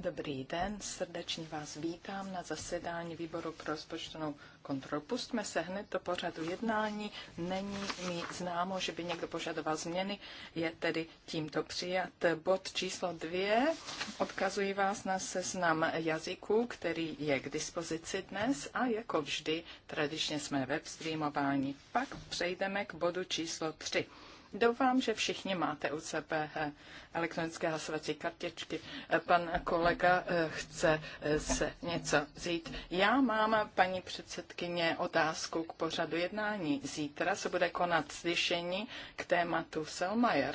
Dobrý den, srdečně vás vítám na zasedání výboru pro rozpočtovou kontrolu. Pustme se hned do pořadu jednání. Není mi známo, že by někdo požadoval změny, je tedy tímto přijat. Bod číslo dvě. Odkazuji vás na seznam jazyků, který je k dispozici dnes a jako vždy tradičně jsme web streamování. Pak přejdeme k bodu číslo tři Doufám, že všichni máte u CPH eh, elektronické hlasovací kartičky. Eh, pan kolega eh, chce se něco vzít. Já mám, paní předsedkyně, otázku k pořadu jednání. Zítra se bude konat slyšení k tématu Selmayer.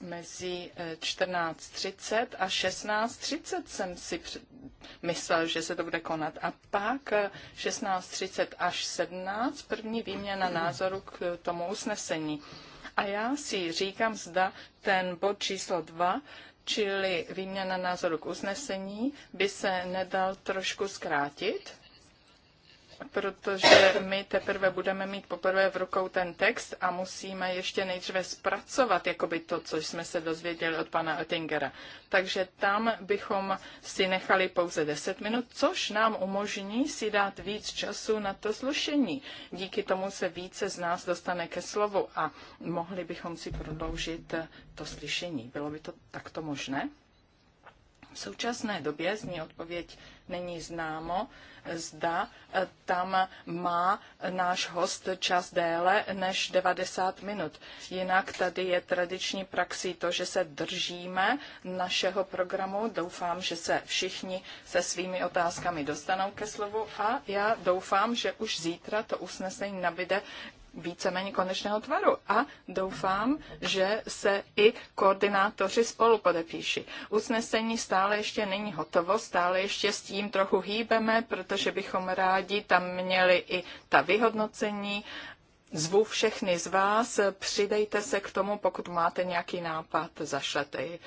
mezi 14.30 a 16.30 jsem si myslel, že se to bude konat. A pak 16.30 až 17, první výměna názoru k tomu usnesení. A já si říkám, zda ten bod číslo 2, čili výměna názoru k usnesení, by se nedal trošku zkrátit, protože my teprve budeme mít poprvé v rukou ten text a musíme ještě nejdříve zpracovat jakoby to, co jsme se dozvěděli od pana Oettingera. Takže tam bychom si nechali pouze 10 minut, což nám umožní si dát víc času na to slušení. Díky tomu se více z nás dostane ke slovu a mohli bychom si prodloužit to slyšení. Bylo by to takto možné? V současné době z ní odpověď není známo zda eh, tam má náš host čas déle než 90 minut. Jinak tady je tradiční praxí to, že se držíme našeho programu. Doufám, že se všichni se svými otázkami dostanou ke slovu a já doufám, že už zítra to usnesení nabide víceméně konečného tvaru a doufám, že se i koordinátoři spolu podepíší. Usnesení stále ještě není hotovo, stále ještě s tím trochu hýbeme, protože bychom rádi tam měli i ta vyhodnocení. Zvu všechny z vás, přidejte se k tomu, pokud máte nějaký nápad, zašlete ji.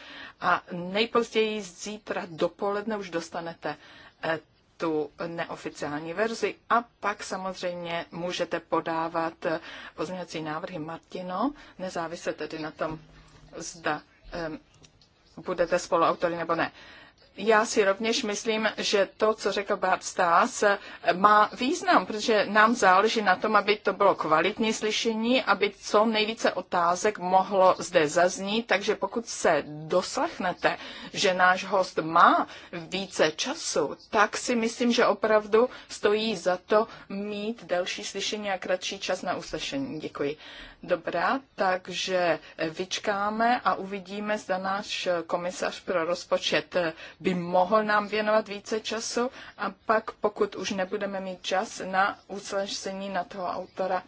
A nejpozději zítra dopoledne už dostanete eh, tu neoficiální verzi a pak samozřejmě můžete podávat pozměňovací návrhy Martino, nezávisle tedy na tom, zda budete spoluautory nebo ne já si rovněž myslím, že to, co řekl Bart Stas, má význam, protože nám záleží na tom, aby to bylo kvalitní slyšení, aby co nejvíce otázek mohlo zde zaznít, takže pokud se doslechnete, že náš host má více času, tak si myslím, že opravdu stojí za to mít delší slyšení a kratší čas na uslyšení. Děkuji. Dobrá, takže vyčkáme a uvidíme, zda náš komisař pro rozpočet by mohl nám věnovat více času a pak, pokud už nebudeme mít čas na usnesení na toho autora,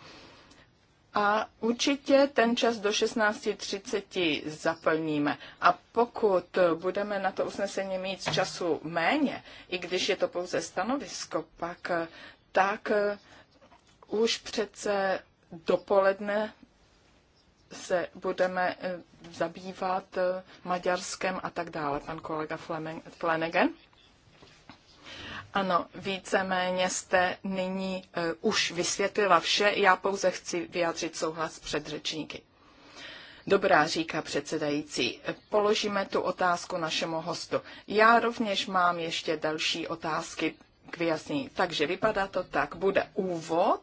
a určitě ten čas do 16.30 zaplníme. A pokud budeme na to usnesení mít času méně, i když je to pouze stanovisko, pak tak už přece dopoledne se budeme eh, zabývat eh, Maďarskem a tak dále, pan kolega Flanagan. Ano, víceméně jste nyní uh, už vysvětlila vše, já pouze chci vyjádřit souhlas před řečníky. Dobrá, říká předsedající. Položíme tu otázku našemu hostu. Já rovněž mám ještě další otázky k vyjasnění. Takže vypadá to tak, bude úvod,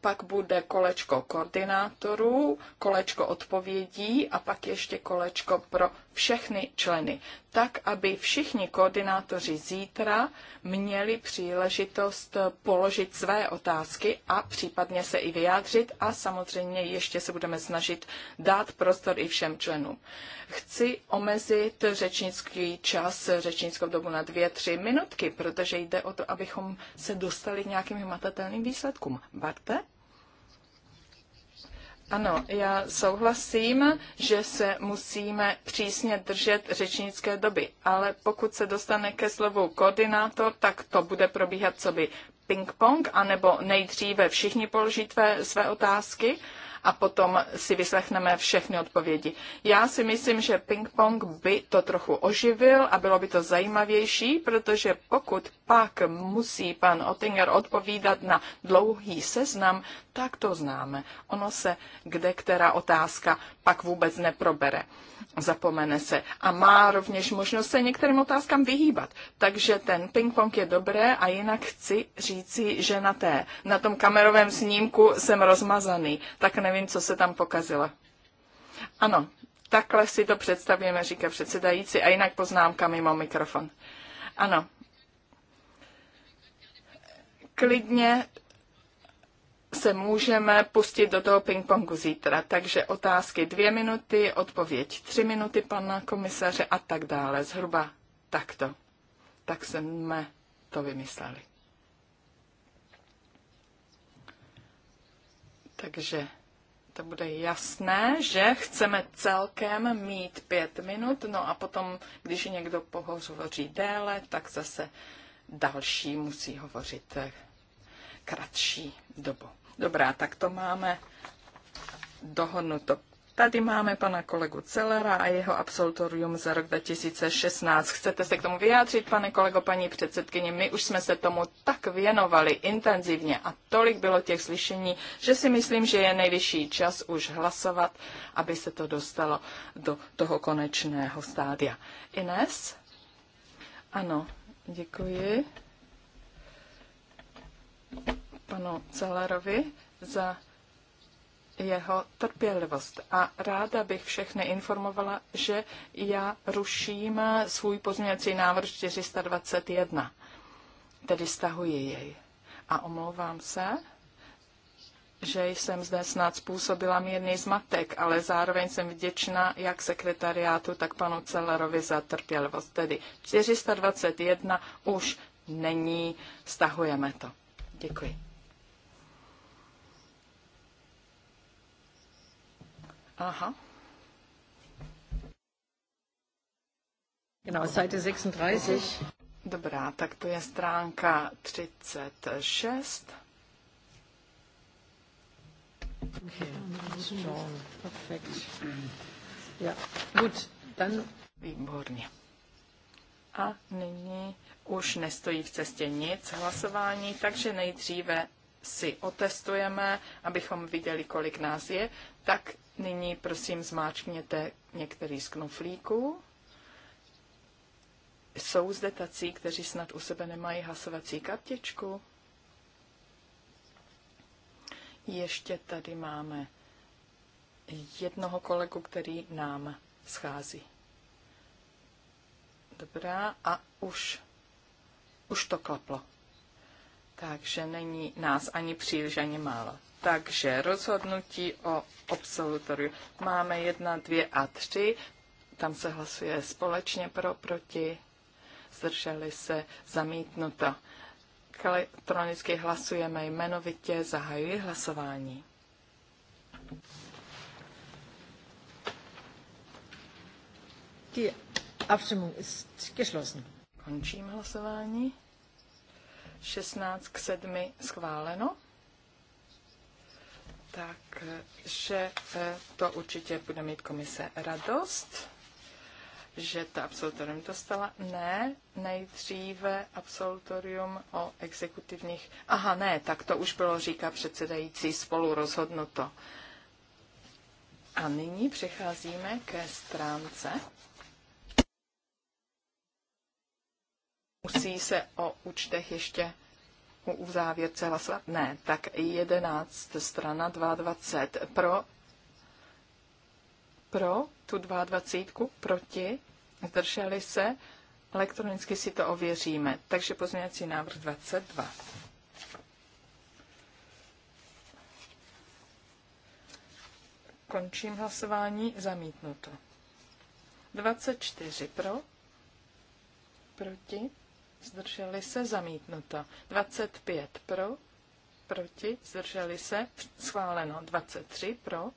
pak bude kolečko koordinátorů, kolečko odpovědí a pak ještě kolečko pro všechny členy, tak aby všichni koordinátoři zítra měli příležitost položit své otázky a případně se i vyjádřit a samozřejmě ještě se budeme snažit dát prostor i všem členům. Chci omezit řečnický čas, řečnickou dobu na dvě, tři minutky, protože jde o to, abychom se dostali k nějakým hmatatelným výsledkům. Barte? Ano, já souhlasím, že se musíme přísně držet řečnické doby, ale pokud se dostane ke slovu koordinátor, tak to bude probíhat co by ping-pong, anebo nejdříve všichni položí tvé, své otázky a potom si vyslechneme všechny odpovědi. Já si myslím, že ping-pong by to trochu oživil a bylo by to zajímavější, protože pokud pak musí pan Ottinger odpovídat na dlouhý seznam, tak to známe. Ono se kde která otázka pak vůbec neprobere zapomene se a má rovněž možnost se některým otázkám vyhýbat. Takže ten ping-pong je dobré a jinak chci říci, že na, té, na tom kamerovém snímku jsem rozmazaný, tak nevím, co se tam pokazilo. Ano, takhle si to představíme, říká předsedající a jinak poznámka mimo mikrofon. Ano, klidně se můžeme pustit do toho ping-pongu zítra. Takže otázky dvě minuty, odpověď tři minuty pana komisaře a tak dále. Zhruba takto. Tak jsme to vymysleli. Takže to bude jasné, že chceme celkem mít pět minut, no a potom, když někdo pohovoří déle, tak zase další musí hovořit kratší dobu. Dobrá, tak to máme dohodnuto. Tady máme pana kolegu Celera a jeho absolutorium za rok 2016. Chcete se k tomu vyjádřit, pane kolego, paní předsedkyně? My už jsme se tomu tak věnovali intenzivně a tolik bylo těch slyšení, že si myslím, že je nejvyšší čas už hlasovat, aby se to dostalo do toho konečného stádia. Ines? Ano, děkuji panu Zellerovi za jeho trpělivost. A ráda bych všechny informovala, že já ruším svůj pozměňovací návrh 421, tedy stahuji jej. A omlouvám se, že jsem zde snad způsobila mírný zmatek, ale zároveň jsem vděčná jak sekretariátu, tak panu Celerovi za trpělivost. Tedy 421 už není, stahujeme to. Děkuji. Aha. Genau, Seite 36. Dobrá, tak to je stránka 36. Okay, Ja, gut, dann... Výborně. A nyní už nestojí v cestě nic hlasování, takže nejdříve si otestujeme, abychom viděli, kolik nás je, tak Nyní prosím zmáčkněte některý z knoflíků. Jsou zde tací, kteří snad u sebe nemají hlasovací kartičku? Ještě tady máme jednoho kolegu, který nám schází. Dobrá, a už, už to klaplo takže není nás ani příliš, ani málo. Takže rozhodnutí o absolutoriu. Máme jedna, dvě a tři. Tam se hlasuje společně pro, proti. Zdrželi se zamítnuto. Elektronicky hlasujeme jmenovitě. Zahajuji hlasování. Die Abstimmung ist geschlossen. Končím hlasování. 16 k 7 schváleno. Takže eh, to určitě bude mít komise radost, že to absolutorium dostala. Ne, nejdříve absolutorium o exekutivních... Aha, ne, tak to už bylo, říká předsedající, spolu rozhodnuto. A nyní přecházíme ke stránce Musí se o účtech ještě u uzávěrce hlasovat? Ne, tak 11 strana 22 pro, pro tu 22, proti, zdrželi se, elektronicky si to ověříme. Takže pozměňovací návrh 22. Končím hlasování, zamítnuto. 24 pro, proti, zdrželi se, zamítnuto. 25 pro, proti, zdrželi se, schváleno. 23 pro,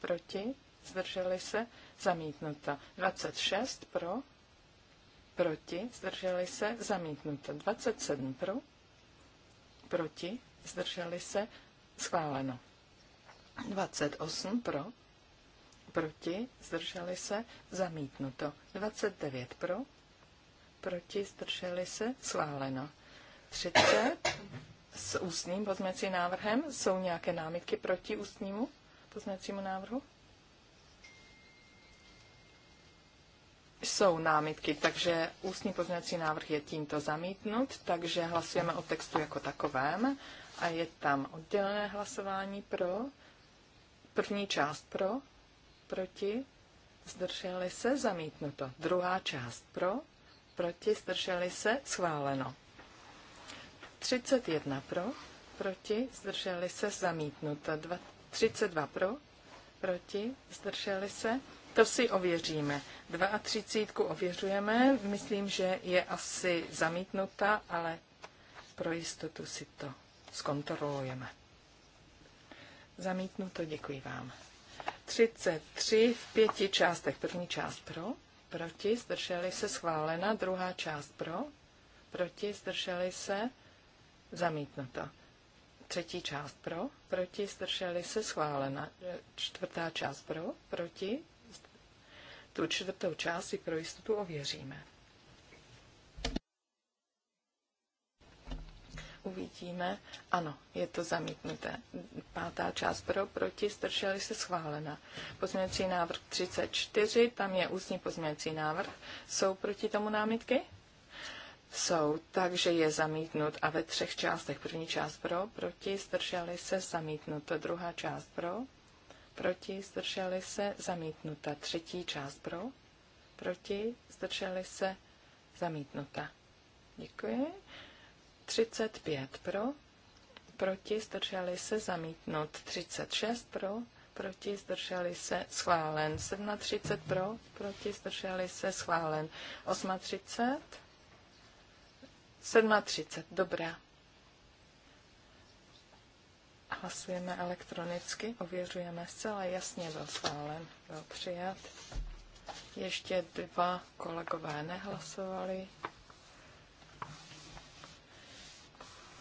proti, zdrželi se, zamítnuto. 26 pro, proti, zdrželi se, zamítnuto. 27 pro, proti, zdrželi se, schváleno. 28 pro, proti, zdrželi se, zamítnuto. 29 pro, proti, zdrželi se, schváleno. 30 s ústním pozměcím návrhem. Jsou nějaké námitky proti ústnímu pozměcímu návrhu? Jsou námitky, takže ústní pozměcí návrh je tímto zamítnut, takže hlasujeme o textu jako takovém a je tam oddělené hlasování pro, první část pro, proti, zdrželi se, zamítnuto, druhá část pro, proti, zdrželi se, schváleno. 31 pro, proti, zdrželi se, zamítnuto. 32 pro, proti, zdrželi se. To si ověříme. 32 ověřujeme, myslím, že je asi zamítnuta, ale pro jistotu si to zkontrolujeme. Zamítnuto, děkuji vám. 33 v pěti částech. První část pro, proti, zdrželi se, schválena. Druhá část pro, proti, zdrželi se, zamítnuto. Třetí část pro, proti, zdrželi se, schválena. E, čtvrtá část pro, proti, tu čtvrtou část si pro jistotu ověříme. uvidíme. Ano, je to zamítnuté. Pátá část pro, proti, stršeli se schválena. Pozměňovací návrh 34, tam je ústní pozměňovací návrh. Jsou proti tomu námitky? Jsou, takže je zamítnut a ve třech částech. První část pro, proti, stršeli se, zamítnuto. Druhá část pro, proti, stršeli se, zamítnuta. Třetí část pro, proti, stršeli se, zamítnuta. Děkuji. 35 pro, proti, zdrželi se, zamítnut. 36 pro, proti, zdrželi se, schválen. 37 pro, proti, zdrželi se, schválen. 38, 37, dobrá. Hlasujeme elektronicky, ověřujeme zcela jasně, byl schválen, byl přijat. Ještě dva kolegové nehlasovali.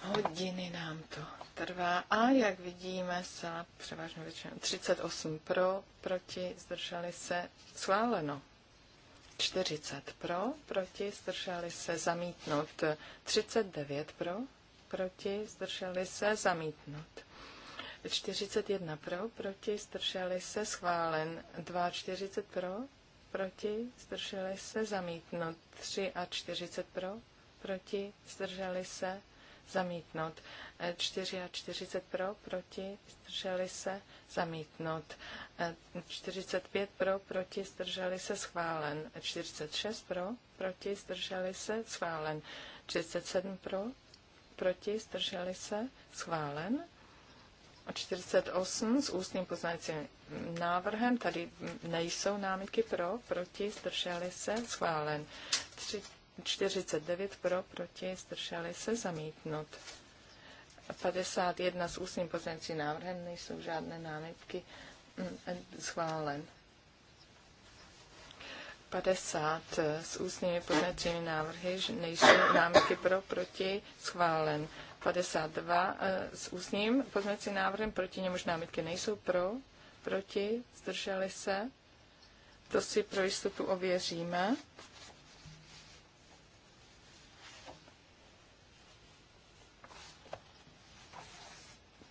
Hodiny nám to trvá a jak vidíme, se převážně většinou 38 pro, proti, zdrželi se, schváleno. 40 pro, proti, zdrželi se, zamítnout. 39 pro, proti, zdrželi se, zamítnout. 41 pro, proti, zdrželi se, schválen. 2,40 pro, proti, zdrželi se, zamítnout. 3 a 40 pro, proti, zdrželi se, zamítnout. 40 pro, proti, zdrželi se, zamítnout. 45 pro, proti, zdrželi se, schválen. 46 pro, proti, zdrželi se, schválen. 47 pro, proti, zdrželi se, schválen. 48 s ústním poznacím návrhem, tady nejsou námitky pro, proti, zdrželi se, schválen. 49 pro, proti, zdrželi se zamítnout. 51 s ústním pozemcím návrhem, nejsou žádné námitky, mm, eh, schválen. 50 eh, s ústními pozměňovacími návrhy, nejsou námitky pro, proti, schválen. 52 eh, s ústním pozměňovacím návrhem, proti němuž námitky nejsou pro, proti, zdrželi se. To si pro jistotu ověříme.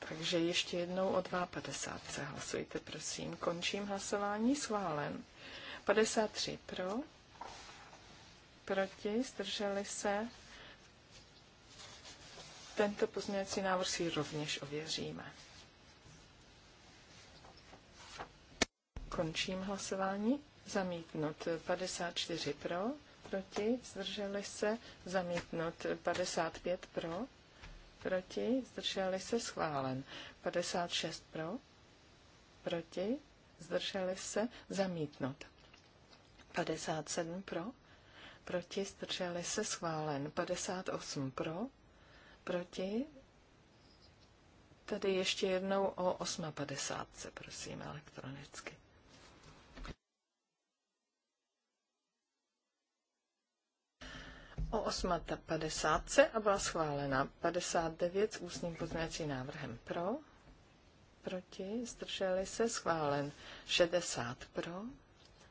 Takže ještě jednou o 2,50 se hlasujte, prosím. Končím hlasování, schválen. 53 pro, proti, zdrželi se. Tento pozměňovací návrh si rovněž ověříme. Končím hlasování. Zamítnut 54 pro, proti, zdrželi se. Zamítnut 55 pro, proti, zdrželi se schválen. 56 pro, proti, zdrželi se zamítnut. 57 pro, proti, zdrželi se schválen. 58 pro, proti, Tady ještě jednou o 8.50, prosím, elektronicky. o 8.50 a byla schválena 59 s ústním pozměňovacím návrhem pro, proti, zdrželi se, schválen 60 pro,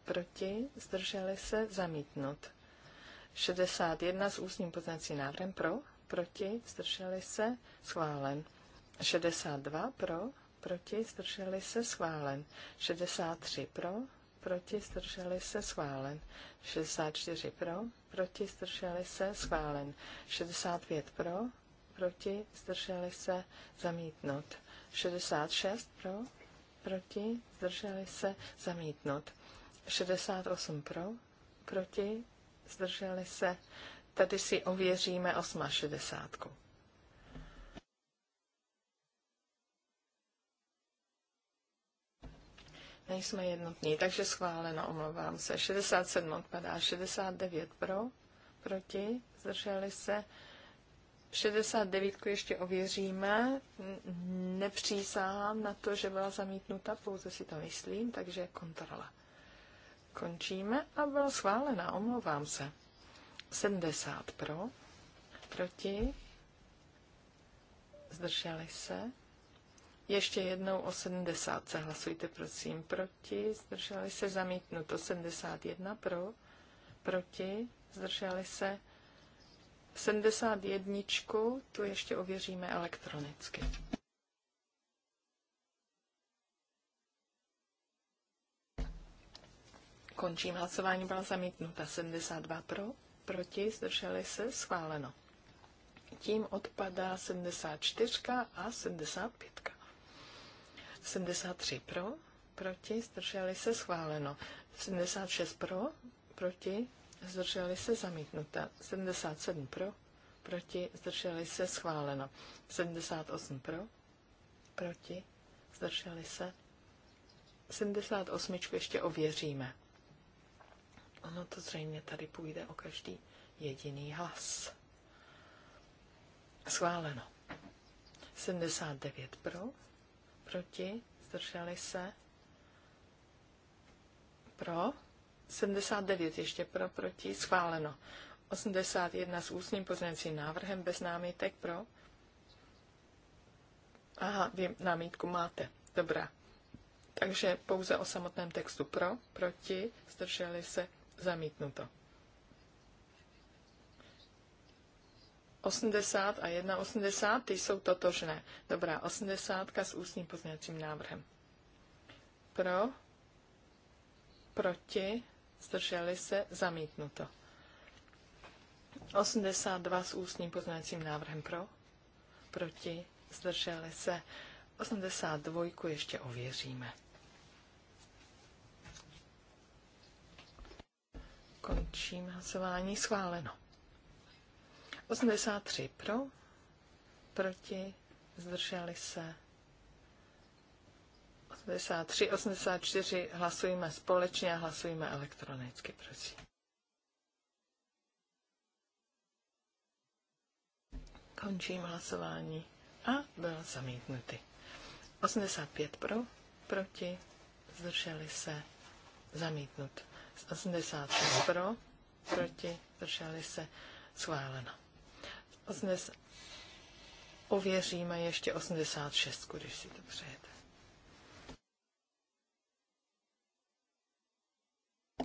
proti, zdrželi se, zamítnut 61 s ústním pozměňovacím návrhem pro, proti, zdrželi se, schválen 62 pro, proti, zdrželi se, schválen 63 pro, proti, zdrželi se, schválen. 64 pro, proti, zdrželi se, schválen. 65 pro, proti, zdrželi se, zamítnut. 66 pro, proti, zdrželi se, zamítnut. 68 pro, proti, zdrželi se. Tady si ověříme 68. Nejsme jednotní, takže schváleno, omlouvám se. 67 odpadá, 69 pro, proti, zdrželi se. 69 ještě ověříme. Nepřísahám na to, že byla zamítnuta, pouze si to myslím, takže kontrola. Končíme a byla schválena, omlouvám se. 70 pro, proti, zdrželi se. Ještě jednou o 70 se hlasujte, prosím. Proti, zdrželi se, zamítnuto. 71 pro, proti, zdrželi se. 71, tu ještě ověříme elektronicky. Končím hlasování, byla zamítnuta 72 pro, proti, zdrželi se, schváleno. Tím odpadá 74 a 75. 73 pro, proti, zdrželi se, schváleno. 76 pro, proti, zdrželi se, zamítnuta. 77 pro, proti, zdrželi se, schváleno. 78 pro, proti, zdrželi se. 78 ještě ověříme. Ono to zřejmě tady půjde o každý jediný hlas. Schváleno. 79 pro, proti, zdrželi se, pro, 79 ještě pro, proti, schváleno. 81 s ústním pozměňovacím návrhem bez námitek pro. Aha, vy námítku máte. Dobrá. Takže pouze o samotném textu pro, proti, zdrželi se, zamítnuto. 80 a 1,80, ty jsou totožné. Dobrá, 80 s ústním pozměňovacím návrhem. Pro, proti, zdrželi se, zamítnuto. 82 s ústním pozměňovacím návrhem pro, proti, zdrželi se. 82 ještě ověříme. Končím hlasování. Schváleno. 83 pro, proti, zdrželi se. 83, 84 hlasujeme společně a hlasujeme elektronicky, prosím. Končím hlasování a byl zamítnutý. 85 pro, proti, zdrželi se, zamítnut. 86 pro, proti, zdrželi se, schváleno. Osmdes... Ověříme ještě 86, když si to přejete.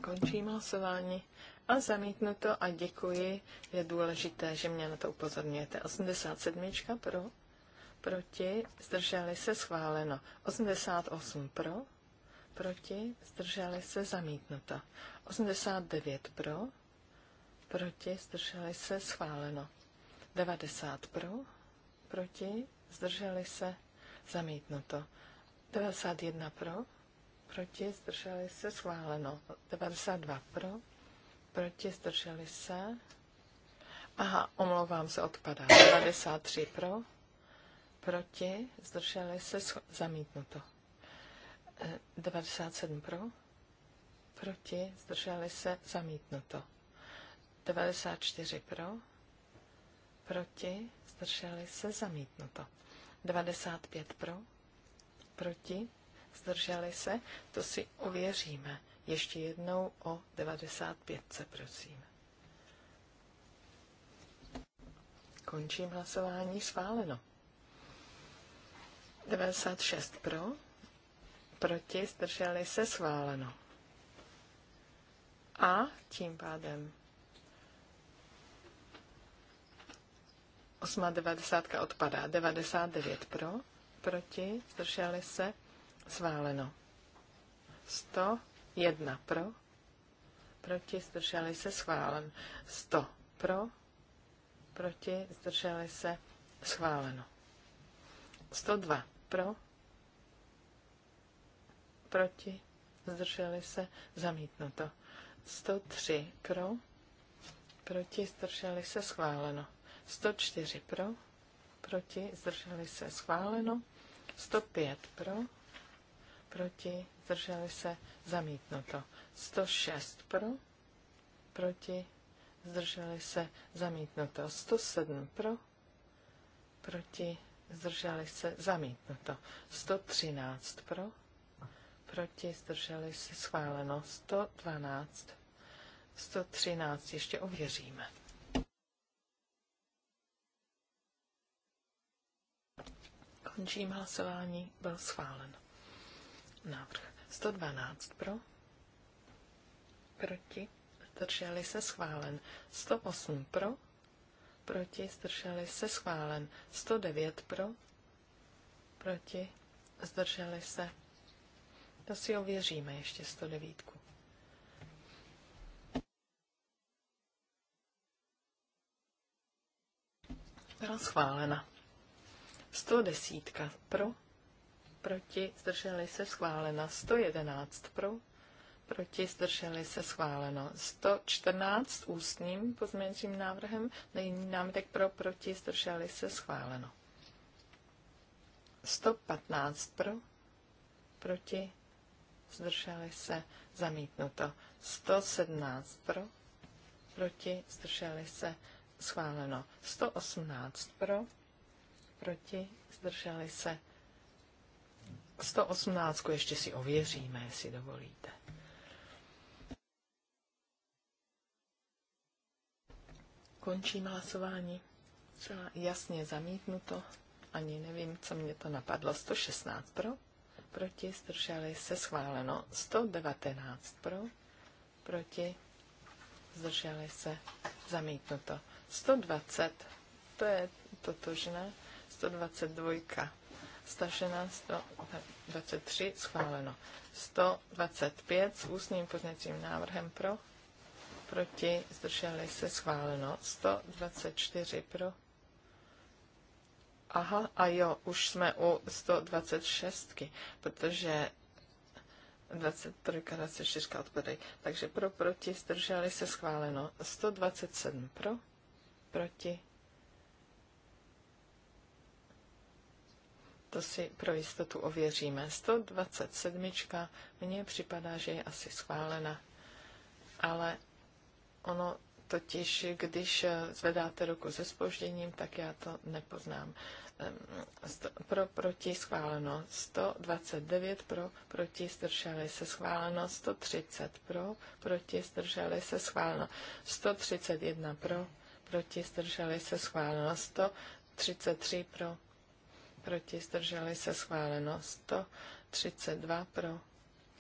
Končím hlasování a zamítnu to a děkuji. Je důležité, že mě na to upozorňujete. 87 pro, proti, zdrželi se schváleno. 88 pro, proti, zdrželi se zamítnuto. 89 pro, proti, zdrželi se schváleno. 90 pro, proti, zdrželi se, zamítnuto. 91 pro, proti, zdrželi se, schváleno. 92 pro, proti, zdrželi se. Aha, omlouvám se, odpadá. 93 eh, pro, proti, zdrželi se, zamítnuto. 97 pro, proti, zdrželi se, zamítnuto. 94 pro, proti, zdrželi se, zamítnuto. 95 pro, proti, zdrželi se, to si ověříme. Ještě jednou o 95 se prosím. Končím hlasování, schváleno. 96 pro, proti, zdrželi se, schváleno. A tím pádem 90. odpadá. 99 pro, proti, zdrželi se, zváleno. 101 pro, proti, zdrželi se, schválen. 100 pro, proti, zdrželi se, schváleno. 102 pro, proti, zdrželi se, zamítnuto. 103 pro, proti, zdrželi se, schváleno. 104 pro, proti, zdrželi se schváleno, 105 pro, proti, zdrželi se zamítnuto, 106 pro, proti, zdrželi se zamítnuto, 107 pro, proti, zdrželi se zamítnuto, 113 pro, proti, zdrželi se schváleno, 112, 113 ještě ověříme. Končím hlasování. Byl schválen. Návrh 112 pro. Proti. Zdrželi se schválen. 108 pro. Proti. Zdrželi se schválen. 109 pro. Proti. Zdrželi se. To si ověříme ještě 109. Byla schválena. 110 pro, proti, zdrželi se schváleno. 111 pro, proti, zdrželi se schváleno. 114 ústním pozměňovacím návrhem, není námitek pro, proti, zdrželi se schváleno. 115 pro, proti, zdrželi se zamítnuto. 117 pro, proti, zdrželi se schváleno. 118 pro, proti, zdrželi se. 118 ještě si ověříme, jestli dovolíte. Končím hlasování. Celá jasně zamítnuto. Ani nevím, co mě to napadlo. 116 pro, proti, zdrželi se schváleno. 119 pro, proti, zdrželi se zamítnuto. 120, to je totožné. 122 116 123 schváleno. 125 s ústním pozněcím návrhem pro, proti, zdrželi se schváleno. 124 pro. Aha, a jo, už jsme u 126, protože 23, 24 odpadají. Takže pro, proti, zdrželi se schváleno. 127 pro, proti, To si pro jistotu ověříme. 127. Mně připadá, že je asi schválena. Ale ono totiž, když zvedáte ruku se spožděním, tak já to nepoznám. Ehm, pro, proti schváleno 129, pro, proti zdrželi se schváleno 130, pro, proti zdrželi se schváleno 131, pro, proti zdrželi se schváleno 133, pro, proti, zdrželi se schváleno. 132 pro,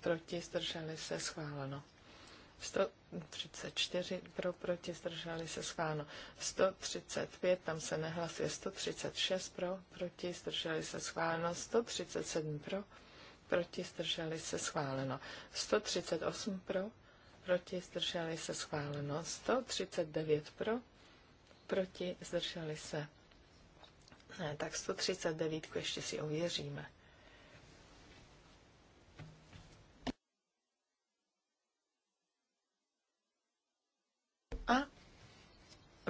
proti, zdrželi se schváleno. 134 pro, proti, zdrželi se schváleno. 135, tam se nehlasuje. 136 pro, proti, zdrželi se schváleno. 137 pro, proti, zdrželi se schváleno. 138 pro, proti, zdrželi se schváleno. 139 pro, proti, zdrželi se ne, tak 139 ještě si ověříme. A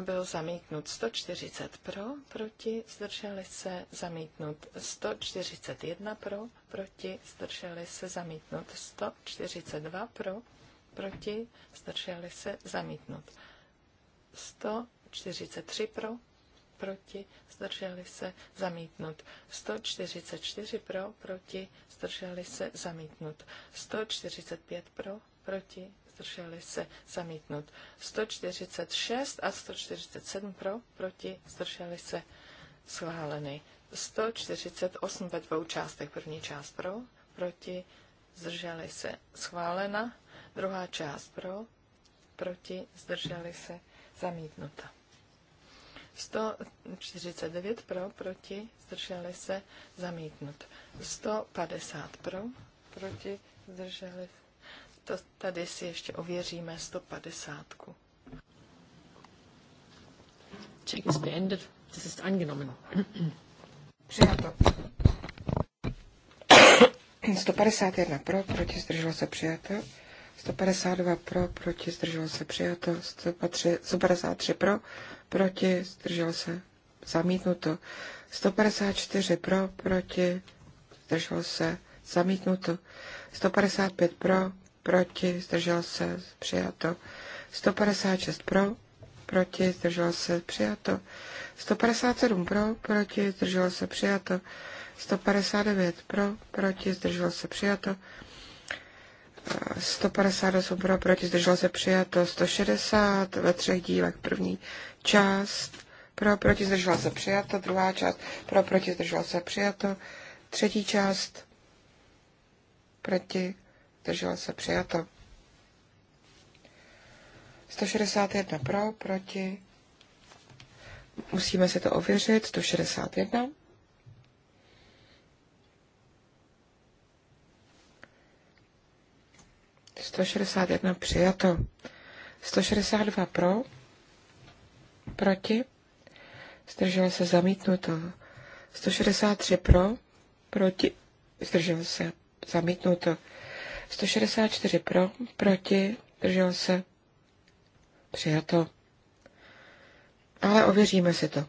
byl zamítnut 140 pro, proti, zdrželi se, zamítnut 141 pro, proti, zdrželi se, zamítnut 142 pro, proti, zdrželi se, zamítnut 143 pro, proti, zdrželi se, zamítnut. 144 pro, proti, zdrželi se, zamítnut. 145 pro, proti, zdrželi se, zamítnut. 146 a 147 pro, proti, zdrželi se, schváleny. 148 ve dvou částech. První část pro, proti, zdrželi se, schválena. Druhá část pro, proti, zdrželi se, zamítnuta. 149 pro, proti, zdrželi se, zamítnut. 150 pro, proti, zdrželi se. To tady si ještě ověříme 150. Check is beendet. Das ist angenommen. Přijato. 151 pro, proti zdrželo se přijato. 152 pro, proti, zdržel se přijato, 153 pro, proti, zdržel se zamítnuto, 154 pro, proti, zdržel se zamítnuto, 155 pro, proti, zdržel se přijato, 156 pro, proti, zdržel se přijato, 157 pro, proti, zdržel se přijato, 159 pro, proti, zdržel se přijato, 158 pro, proti, zdrželo se přijato 160 ve třech dílech. První část pro, proti, zdrželo se přijato. Druhá část pro, proti, zdrželo se přijato. Třetí část proti, zdrželo se přijato. 161 pro, proti. Musíme si to ověřit. 161. 161 přijato. 162 pro, proti, zdržel se zamítnuto. 163 pro, proti, zdržel se zamítnuto. 164 pro, proti, zdržel se přijato. Ale ověříme si to.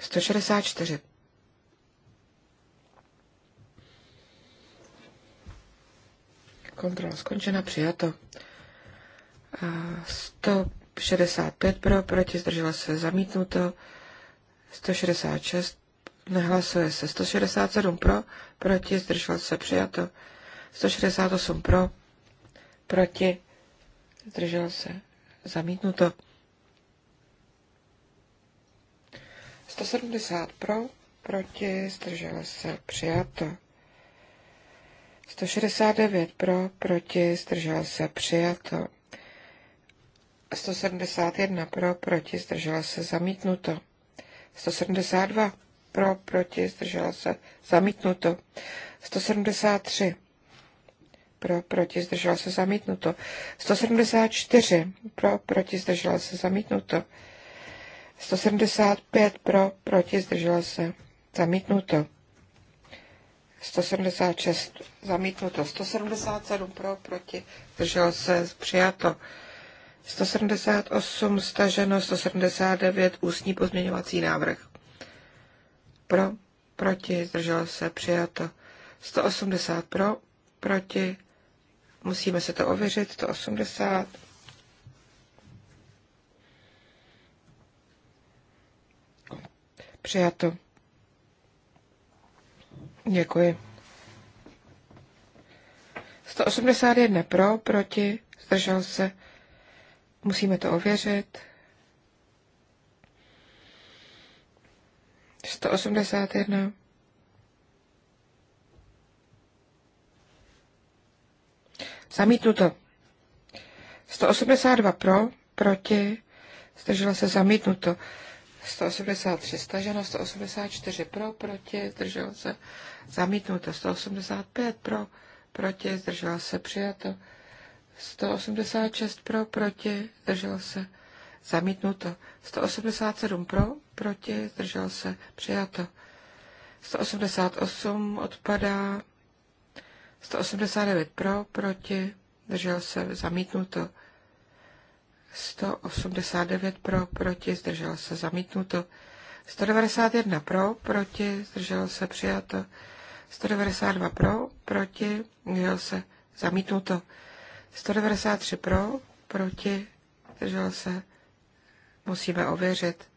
164 Kontrola skončena, přijato. 165 pro, proti, zdržela se, zamítnuto. 166, nehlasuje se. 167 pro, proti, zdržela se, přijato. 168 pro, proti, zdržel se, zamítnuto. 170 pro, proti, zdržela se, přijato. 169 pro, proti, zdržel se, přijato. 171 pro, proti, zdržel se, zamítnuto. 172 pro, proti, zdržel se, zamítnuto. 173 pro, proti, zdržel se, zamítnuto. 174 pro, proti, zdržel se, zamítnuto. 175 pro, proti, zdržel se, zamítnuto. 176 zamítnuto, 177 pro, proti, Zdrželo se, přijato. 178 staženo, 179 ústní pozměňovací návrh. Pro, proti, Zdrželo se, přijato. 180 pro, proti, musíme se to ověřit, 180. Přijato. Děkuji. 181 pro, proti, zdržel se. Musíme to ověřit. 181. Zamítnuto. 182 pro, proti, zdržela se zamítnuto. 183 staženo, 184 pro, proti, zdržela se zamítnuto, 185 pro, proti, zdržela se přijato, 186 pro, proti, zdržela se zamítnuto, 187 pro, proti, zdržela se přijato, 188 odpadá, 189 pro, proti, zdržela se zamítnuto, 189 pro, proti, zdržel se zamítnuto. 191 pro, proti, zdržel se přijato. 192 pro, proti, zdržel se zamítnuto. 193 pro, proti, zdržel se, musíme ověřit.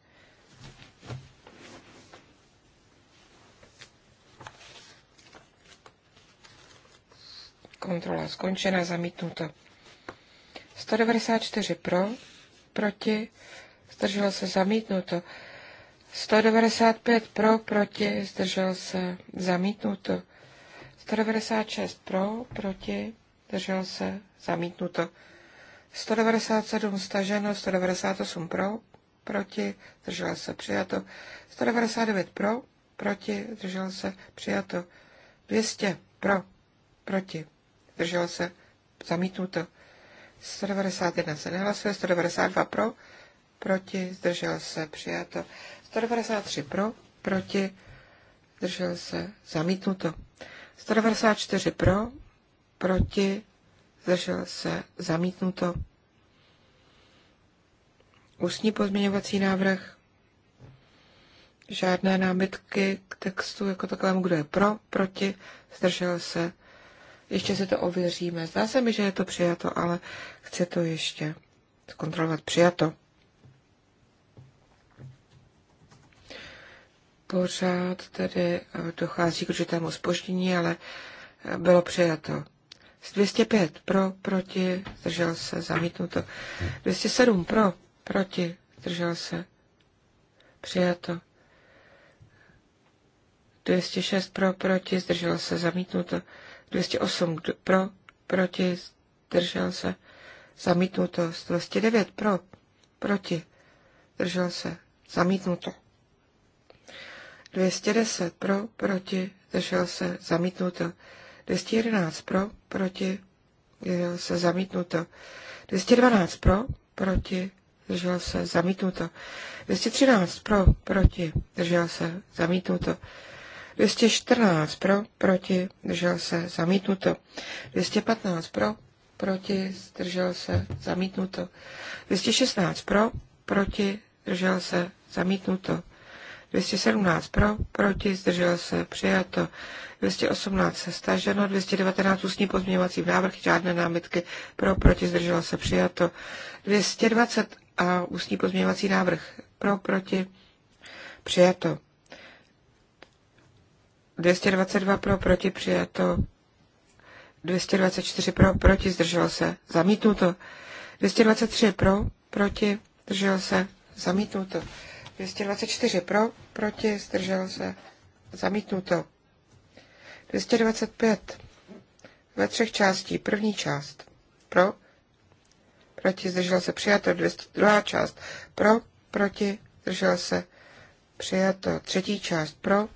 Kontrola skončena, zamítnuto. 194 pro, proti, zdržel se zamítnuto. 195 pro, proti, zdržel se zamítnuto. 196 pro, proti, zdržel se zamítnuto. 197 staženo, 198 pro, proti, zdržel se přijato. 199 pro, proti, zdržel se přijato. 200 pro, proti, zdržel se zamítnuto. 191 se nehlasuje, 192 pro, proti, zdržel se, přijato. 193 pro, proti, zdržel se, zamítnuto. 194 pro, proti, zdržel se, zamítnuto. Ústní pozměňovací návrh. Žádné námitky k textu jako takovému, kdo je pro, proti, zdržel se, ještě se to ověříme. Zdá se mi, že je to přijato, ale chci to ještě zkontrolovat. Přijato. Pořád tedy eh, dochází k určitému spoždění, ale eh, bylo přijato. Z 205 pro, proti, zdržel se, zamítnuto. 207 pro, proti, zdržel se, přijato. 206 pro, proti, zdržel se, zamítnuto. 208 pro, proti, držel se, zamítnuto. 209 pro, proti, držel se, zamítnuto. 210 pro, proti, držel se, zamítnuto. 211 pro, proti, držel se, zamítnuto. 212 pro, proti, držel se, zamítnuto. 213 pro, proti, držel se, zamítnuto. 214 pro, proti, zdržel se, zamítnuto. 215 pro, proti, zdržel se, zamítnuto. 216 pro, proti, zdržel se, zamítnuto. 217 pro, proti, zdržel se, přijato. 218 se staženo, 219 ústní pozměňovací návrh, žádné námitky, pro, proti, zdržel se, přijato. 220 a ústní pozměňovací návrh pro, proti, přijato. 222 pro, proti přijato. 224 pro, proti zdržel se. Zamítnuto. 223 pro, proti zdržel se. Zamítnuto. 224 pro, proti zdržel se. Zamítnuto. 225 ve třech částí. První část pro, proti zdržel se přijato. druhá část pro, proti zdržel se přijato. Třetí část pro,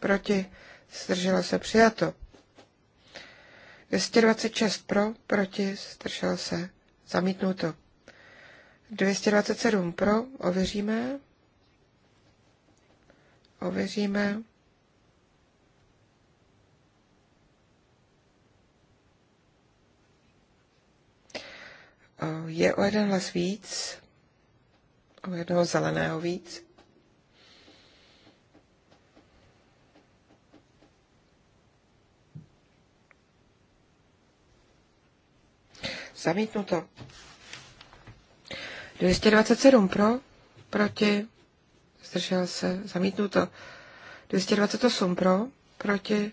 proti zdrželo se přijato. 226 pro, proti, zdrželo se zamítnuto. 227 pro, ověříme. Ověříme. Je o jeden hlas víc, o jednoho zeleného víc. Zamítnuto. 227 pro, proti, zdržel se, zamítnuto. 228 pro, proti,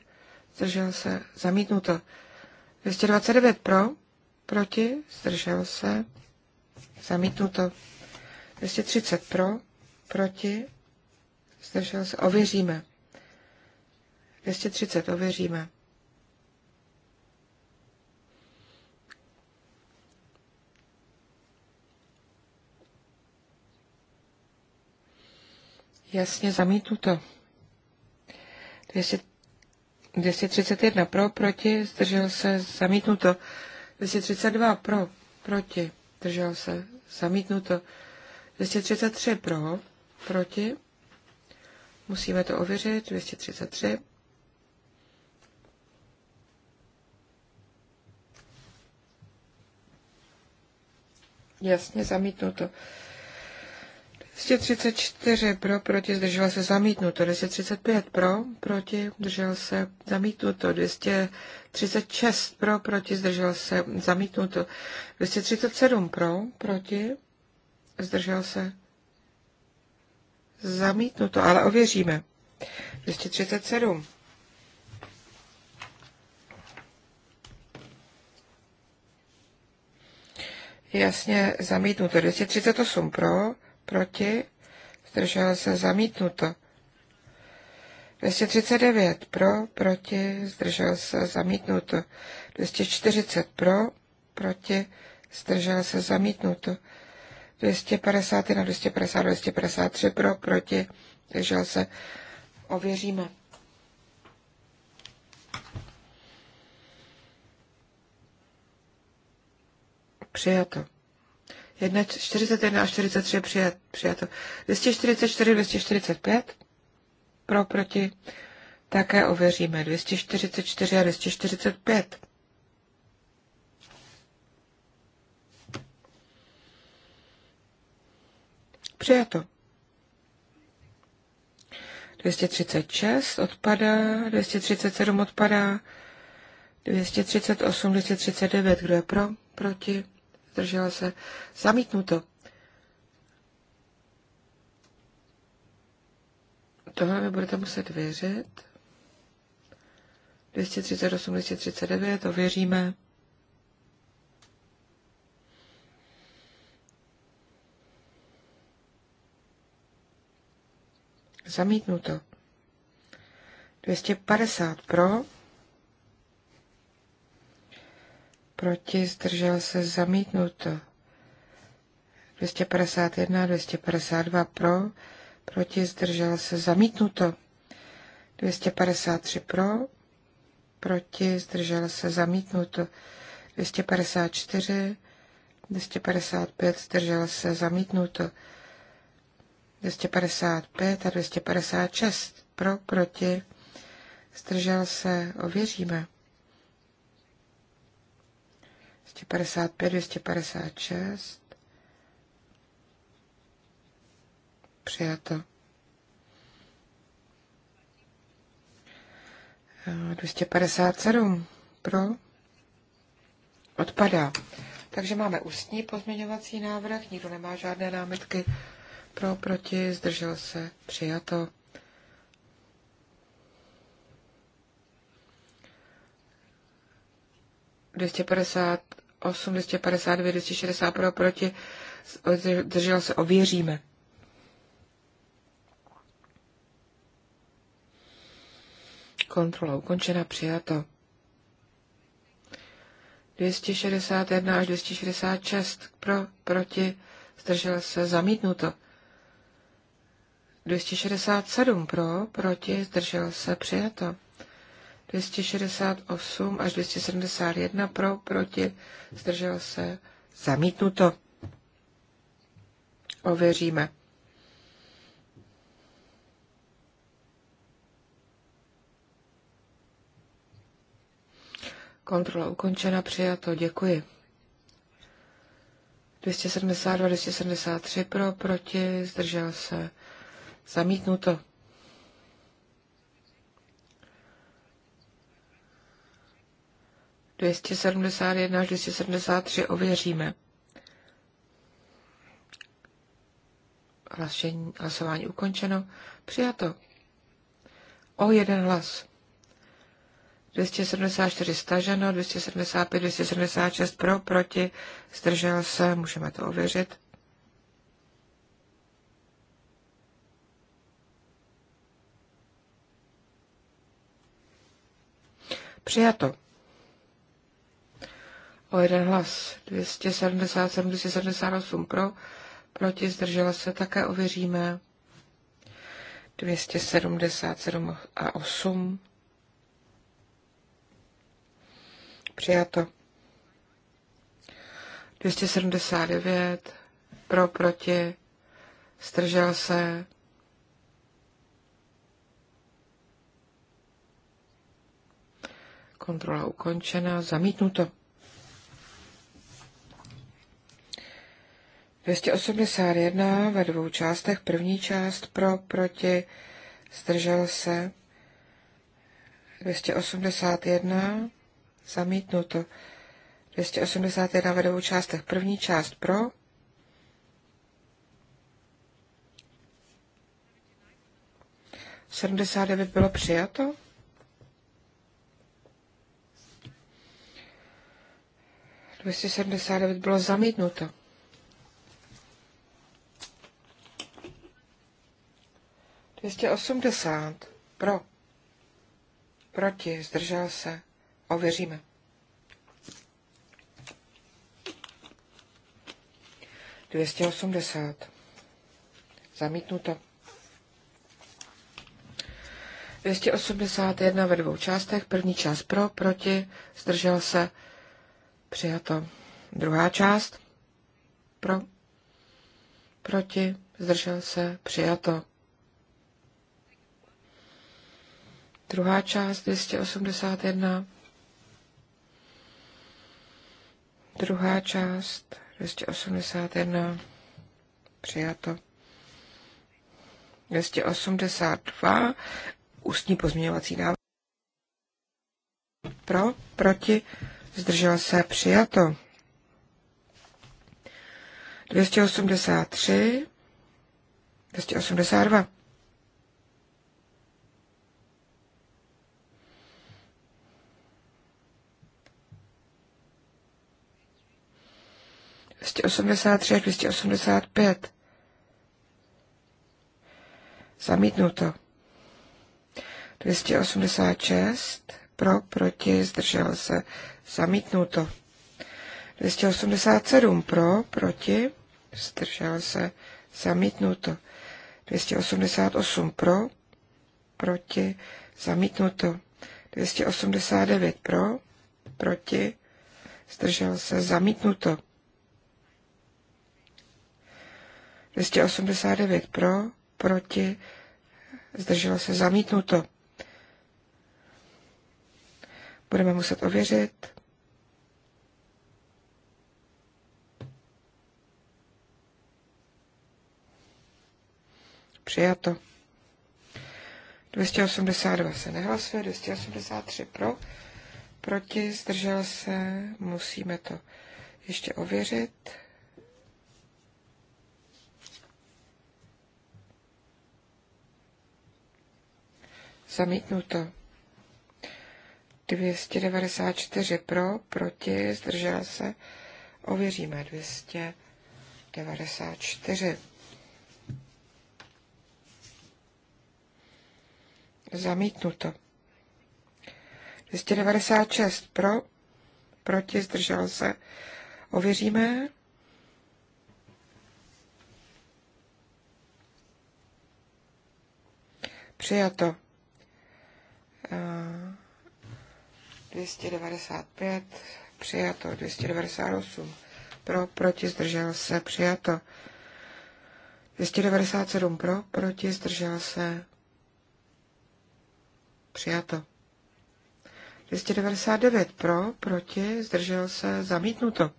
zdržel se, zamítnuto. 229 pro, proti, zdržel se, zamítnuto. 230 pro, proti, zdržel se, ověříme. 230 ověříme. Jasně zamítnuto. to. 231 pro, proti, zdržel se, zamítnuto. 232 pro, proti, zdržel se, zamítnuto. 233 pro, proti. Musíme to ověřit. 233. Jasně, zamítnuto. 234 pro, proti, zdržel se zamítnuto. 235 pro, proti, zdržel se zamítnuto. 236 pro, proti, zdržel se zamítnuto. 237 pro, proti, zdržel se zamítnuto, ale ověříme. 237. Jasně, zamítnuto. 238 pro, proti, zdržel se zamítnuto. 239 pro, proti, zdržel se zamítnuto. 240 pro, proti, zdržel se zamítnuto. 251, 250, 253 pro, proti, zdržel se. Ověříme. Přijato. 41 a 43 přijat, přijato. 244, 245 pro, proti. Také ověříme 244 a 245. Přijato. 236 odpadá, 237 odpadá, 238, 239, kdo je pro, proti, zdržela se, zamítnuto. Tohle mi budete muset věřit. 238, 239, to věříme. Zamítnuto. 250 pro, proti, zdržel se zamítnuto. 251, 252 pro, proti, zdržel se zamítnuto. 253 pro, proti, zdržel se zamítnuto. 254, 255, zdržel se zamítnuto. 255 a 256 pro, proti, zdržel se, ověříme. 255, 256. Přijato. 257 eh, pro odpadá. Takže máme ústní pozměňovací návrh, nikdo nemá žádné námitky pro, proti, zdržel se, přijato. Dvěstě padesát 8, 260 pro, proti, držela se, ověříme. Kontrola ukončena, přijato. 261 až 266 pro, proti, zdržel se, zamítnuto. 267 pro, proti, zdržel se, přijato. 268 až 271 pro, proti, zdržel se, zamítnuto. Ověříme. Kontrola ukončena, přijato, děkuji. 272, 273 pro, proti, zdržel se, zamítnuto. 271 až 273 ověříme. Hlasení, hlasování ukončeno. Přijato. O jeden hlas. 274 staženo, 275, 276 pro, proti, zdržel se, můžeme to ověřit. Přijato o jeden hlas 277, 278 pro, proti zdržela se také ověříme 277 a 8. Přijato. 279 pro, proti, zdržel se, kontrola ukončena, zamítnuto. 281 ve dvou částech. První část pro, proti, zdržel se. 281 zamítnuto. 281 ve dvou částech. První část pro, Sedmdesát devět bylo přijato. Dvěstě sedmdesát devět bylo zamítnuto. 280. Pro. Proti. Zdržel se. Ověříme. Dvěstě osmdesát. Zamítnuto. 281 ve dvou částech. První část pro, proti, zdržel se, přijato. Druhá část pro, proti, zdržel se, přijato. Druhá část 281. Druhá část 281. Přijato. 282. Ústní pozměňovací návrh. Pro, proti, zdržel se, přijato. 283, 282. 283 až 285. Zamítnuto. 286 pro, proti, zdržel se, zamítnuto. 287 pro, proti, zdržel se, zamítnuto. 288 pro, proti, zamítnuto. 289 pro, proti, zdržel se, zamítnuto. 289 pro, proti, zdrželo se zamítnuto. Budeme muset ověřit. Přijato. 282 se nehlasuje, 283 pro, proti, zdržel se, musíme to ještě ověřit. Zamítnuto. 294 pro, proti, zdržel se. Ověříme 294. Zamítnuto. 296 pro, proti, zdržel se. Ověříme. Přijato. 295, eh, přijato 298, pro, proti, zdržel se, přijato 297 pro, proti, zdržel se, přijato 299 pro, proti, zdržel se, zamítnuto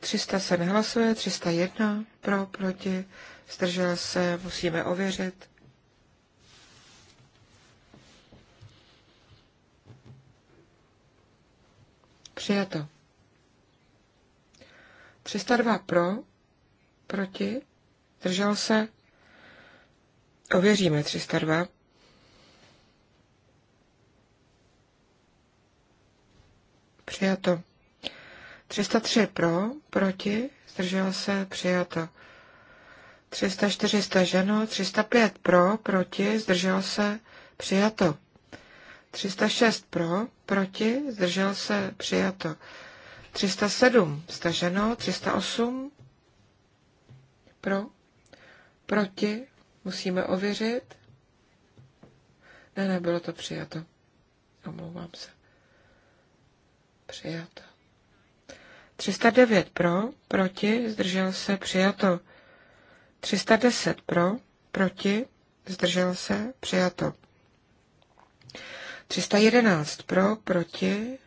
300 se nehlasuje, 301 pro, proti, zdržel se, musíme ověřit Přijato. 302 pro, proti, držel se. Ověříme 302. Přijato. 303 pro, proti, zdržel se, přijato. 304 staženo, 305 pro, proti, zdržel se, přijato. 306 pro, proti, zdržel se, přijato. 307 staženo, 308 pro, proti, musíme ověřit. Ne, ne, bylo to přijato. Omlouvám se. Přijato. 309 pro, proti, zdržel se, přijato. 310 pro, proti, zdržel se, přijato. 311 pro, proti.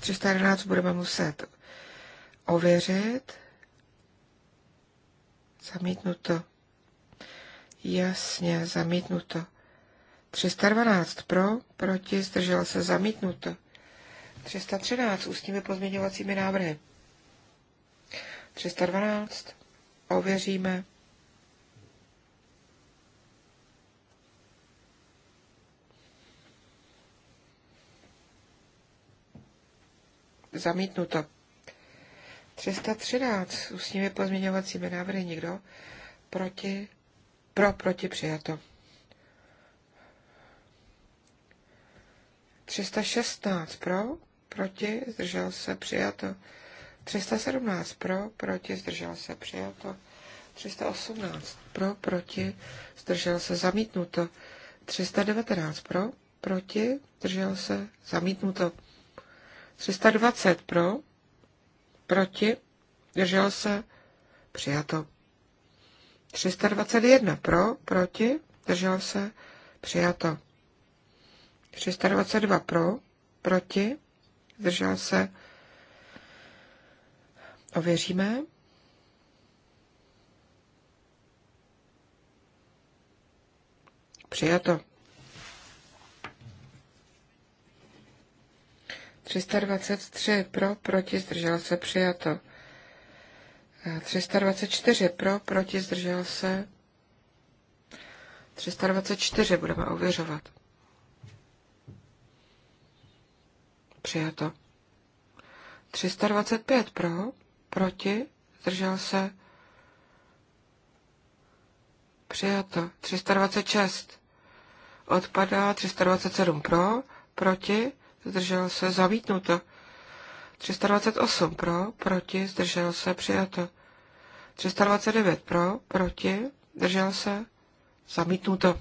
311 budeme muset ověřit. Zamítnuto. Jasně, zamítnuto. 312 pro, proti, zdržel se, zamítnuto. 313 ústními pozměňovacími návrhy. 312 ověříme. zamítnuto. 313 s ústními pozměňovacími návrhy nikdo, proti, pro, proti přijato. 316 pro, proti, zdržel se, přijato. 317 pro, proti, zdržel se, přijato. 318 pro, proti, zdržel se, zamítnuto. 319 pro, proti, zdržel se, zamítnuto. 320 pro, proti, držel se, přijato. 321 pro, proti, držel se, přijato. 322 pro, proti, zdržel se, ověříme. Přijato. 323 pro, proti, zdržel se, přijato. 324 eh, pro, proti, zdržel se. 324 budeme ověřovat. Přijato. 325 pro, proti, zdržel se. Přijato. 326 odpadá, 327 pro, proti, zdržel se, zamítnuto. 328 pro, proti, zdržel se, přijato. 329 pro, proti, zdržel se, zamítnuto.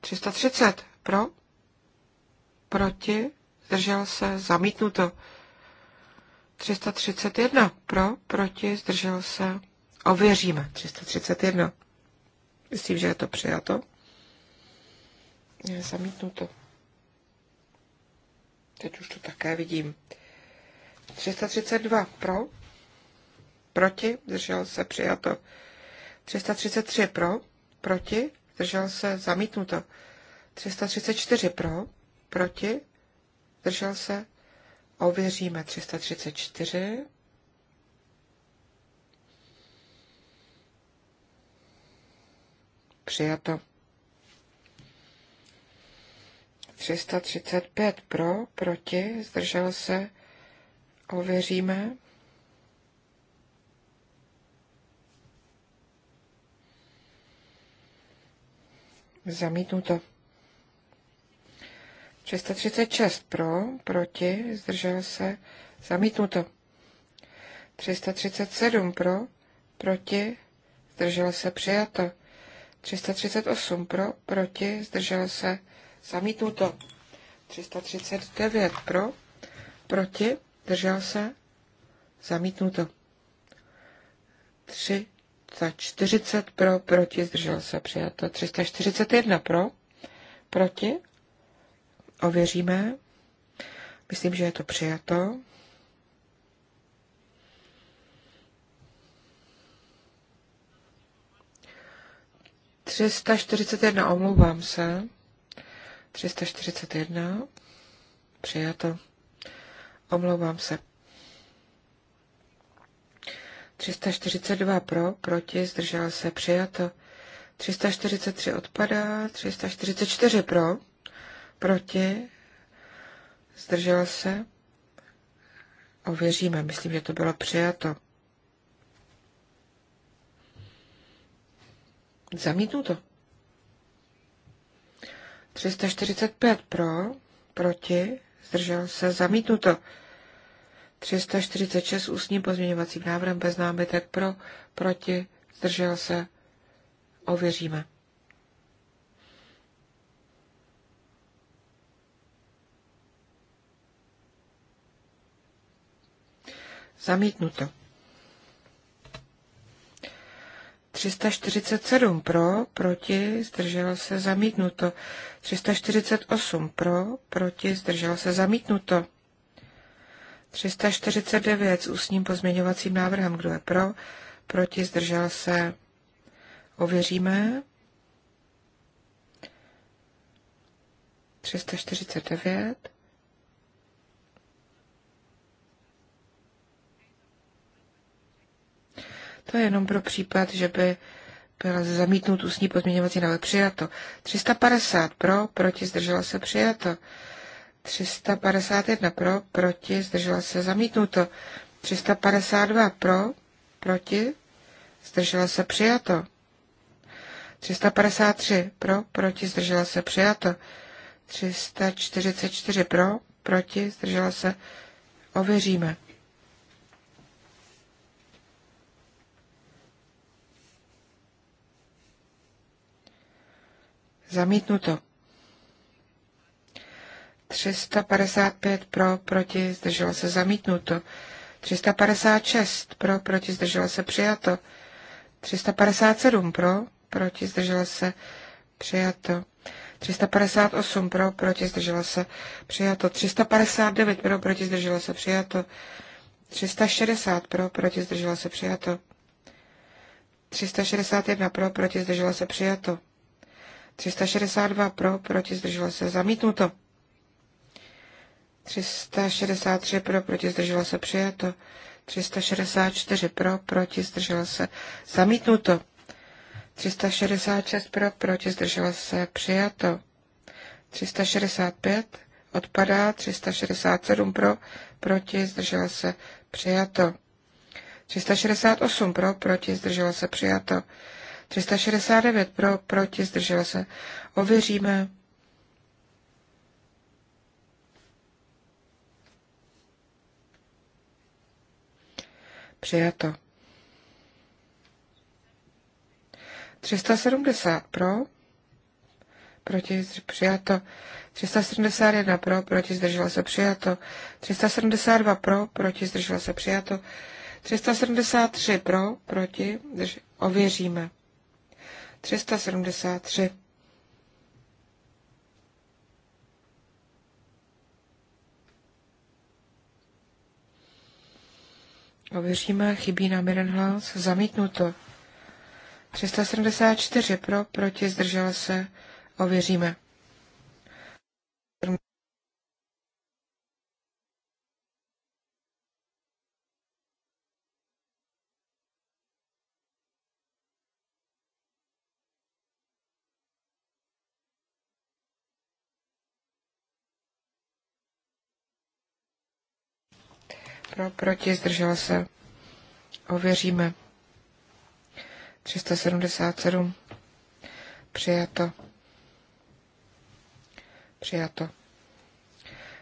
330 pro, proti, zdržel se, zamítnuto. 331 pro, proti, zdržel se, ověříme. 331. Myslím, že je to přijato. Je zamítnuto. Teď už to také vidím. 332 pro, proti, zdržel se, přijato. 333 pro, proti, zdržel se, zamítnuto. 334 pro, proti, zdržel se, ověříme 334. Přijato. 335 pro, proti, zdržel se, ověříme. Zamítnuto. 336 pro, proti, zdržel se, zamítnuto. 337 pro, proti, zdržel se, přijato. 338 pro, proti, zdržel se, Zamítnuto. 339 pro, proti, držel se, zamítnuto. 340 pro, proti, zdržel se, přijato. 341 pro, proti, ověříme. Myslím, že je to přijato. Třista čtyřicet jedna, omlouvám se. 341. Přijato. Omlouvám se. 342 pro, proti, zdržel se, přijato. 343 odpadá, 344 pro, proti, zdržel se. Ověříme, myslím, že to bylo přijato. to. 345 pro, proti, zdržel se, zamítnuto. 346 ústním pozměňovacím návrhem bez námitek pro, proti, zdržel se, ověříme. Zamítnuto. 347 pro, proti, zdržel se zamítnuto. 348 pro, proti, zdržel se zamítnuto. 349 s ústním pozměňovacím návrhem, kdo je pro, proti, zdržel se. Ověříme. 349. To je jenom pro případ, že by byl zamítnut ústní pozměňovací návrh. Přijato. 350 pro, proti, zdržela se, přijato. 351 pro, proti, zdržela se, zamítnuto. 352 pro, proti, zdržela se, přijato. 353 pro, proti, zdržela se, přijato. 344 pro, proti, zdržela se, ověříme. Zamítnuto. 355 pro, proti, zdrželo se zamítnuto. 356 pro, proti, zdrželo se přijato. 357 pro, proti, zdrželo se přijato. 358 pro, proti, zdrželo se přijato. 359 pro, proti, zdrželo se přijato. 360 pro, proti, zdrželo se přijato. 361 pro, proti, zdrželo se přijato. 362 pro, proti zdrželo se zamítnuto. 363 pro, proti zdrželo se přijato. 364 pro, proti zdrželo se zamítnuto. 366 pro, proti zdrželo se přijato. 365 odpadá, 367 pro, proti zdrželo se přijato. 368 pro, proti zdrželo se přijato. 369 pro, proti, zdržela se. Ověříme. Přijato. 370 pro, proti, přijato. 371 pro, proti, zdržela se, přijato. 372 pro, proti, zdržela se, přijato. 373 pro, proti, drž, ověříme. 373. Ověříme, chybí nám jeden hlas. Zamítnuto. 374 pro, proti, zdržel se. Ověříme. pro, proti, zdržel se. Ověříme. 377. Přijato. Přijato.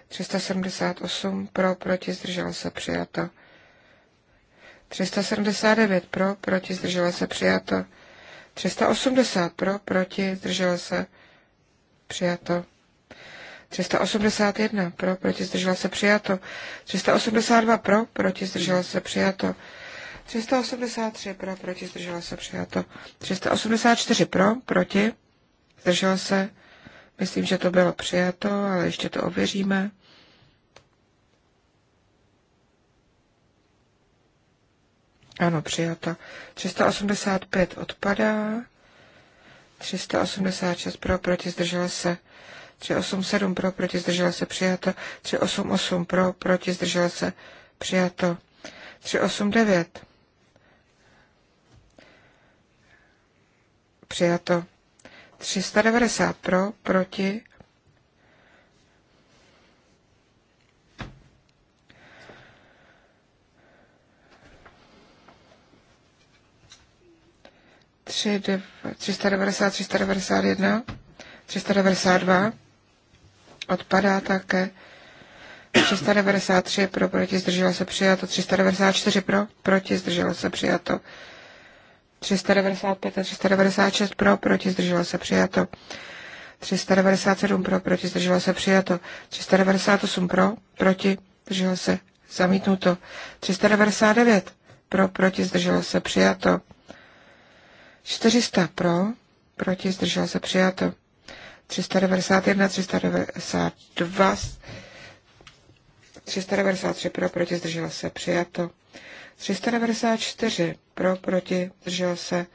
378 pro, proti, zdržel se, přijato. 379 pro, proti, zdržela se, přijato. 380 pro, proti, zdržela se, přijato. 381 pro, proti zdržela se přijato. 382 pro, proti zdržela se přijato. 383 pro, proti zdržela se přijato. 384 pro, proti zdržela se. Myslím, že to bylo přijato, ale ještě to ověříme. Ano, přijata. 385 odpadá. 386 pro, proti zdržela se. 387 pro, proti zdržela se přijato, 388 pro, proti zdržela se přijato, 389 přijato, 390 pro, proti 390, 391, 392, odpadá také. 393 pro, proti, zdrželo se přijato. 394 pro, proti, zdrželo se přijato. 395 a 396 pro, proti, zdrželo se přijato. 397 pro, proti, zdrželo se přijato. 398 pro, proti, zdrželo se zamítnuto. 399 pro, proti, zdrželo se přijato. 400 pro, proti, zdrželo se přijato. 393 pro, proti, zdržel se, přijato. 394 pro, proti, zdržel se.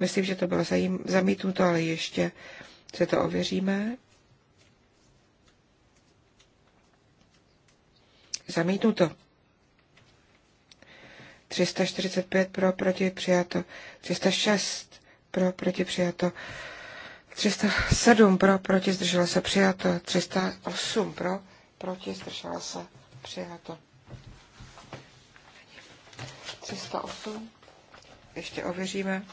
Myslím, že to bylo zamítnuto, ale ještě se to ověříme. Zamítnuto. 345 pro, proti, přijato. 306 pro, proti, přijato. 307 pro, proti zdrželo se přijato. 308 pro, proti zdrželo se přijato. 308. Ještě ověříme.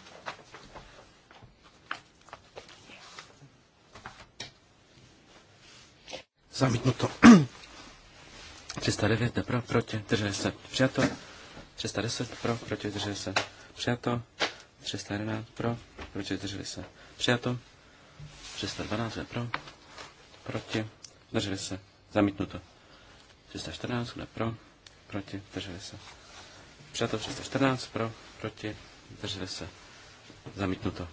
Zamítnuto. 309 pro, proti, drželi se, přijato. 310 pro, proti, drželi se, přijato. 311 pro, proti, drželi se, přijato. 312 je pro, proti, drželi se, zamítnuto. 314, kdo pro, proti, drželi se. Přijato 314, pro, proti, drželi se, zamítnuto.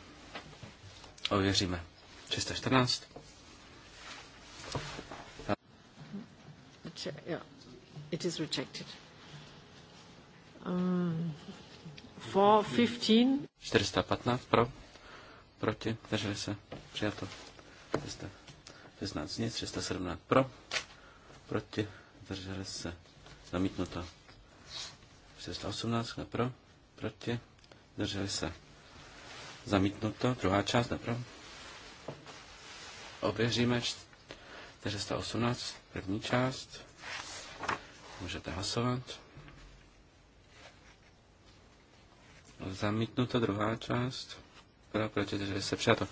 Ověříme. 314. It is rejected. Um, 415. 415 pro, proti, drželi se, Přijato. 16 nic, 317 pro, proti, zdrželi se, zamítnuto. 618 pro, proti, zdrželi se, zamítnuto. Druhá část pro. Oběříme 418, první část. Můžete hlasovat. Zamítnuto druhá část. Pro, proti, zdrželi se, přijato.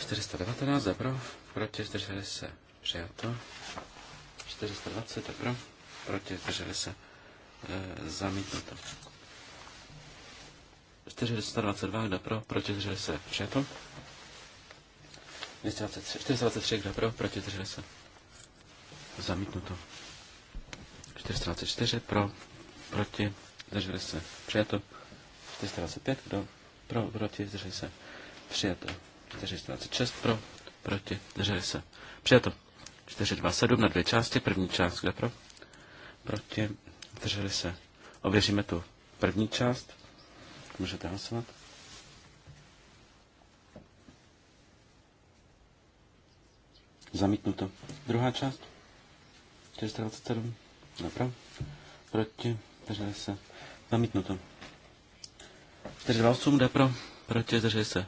419 za pro, proti zdrželi se přijato. 420 za pro, proti zdrželi se e, zamítnuto. 422 kdo pro, proti zdrželi se přijato. 423 kdo pro, proti zdrželi se zamítnuto. 424 pro, proti zdrželi se přijato. 425 kdo pro, proti zdrželi se přijato. 426 pro, proti, drželi se. Přijato. 427 na dvě části, první část, kde pro, proti, drželi se. Ověříme tu první část. Můžete hlasovat. Zamítnuto. Druhá část. 427. Napravo. Proti. Drželi se. Zamítnuto. 428 jde pro. Proti. Drželi se.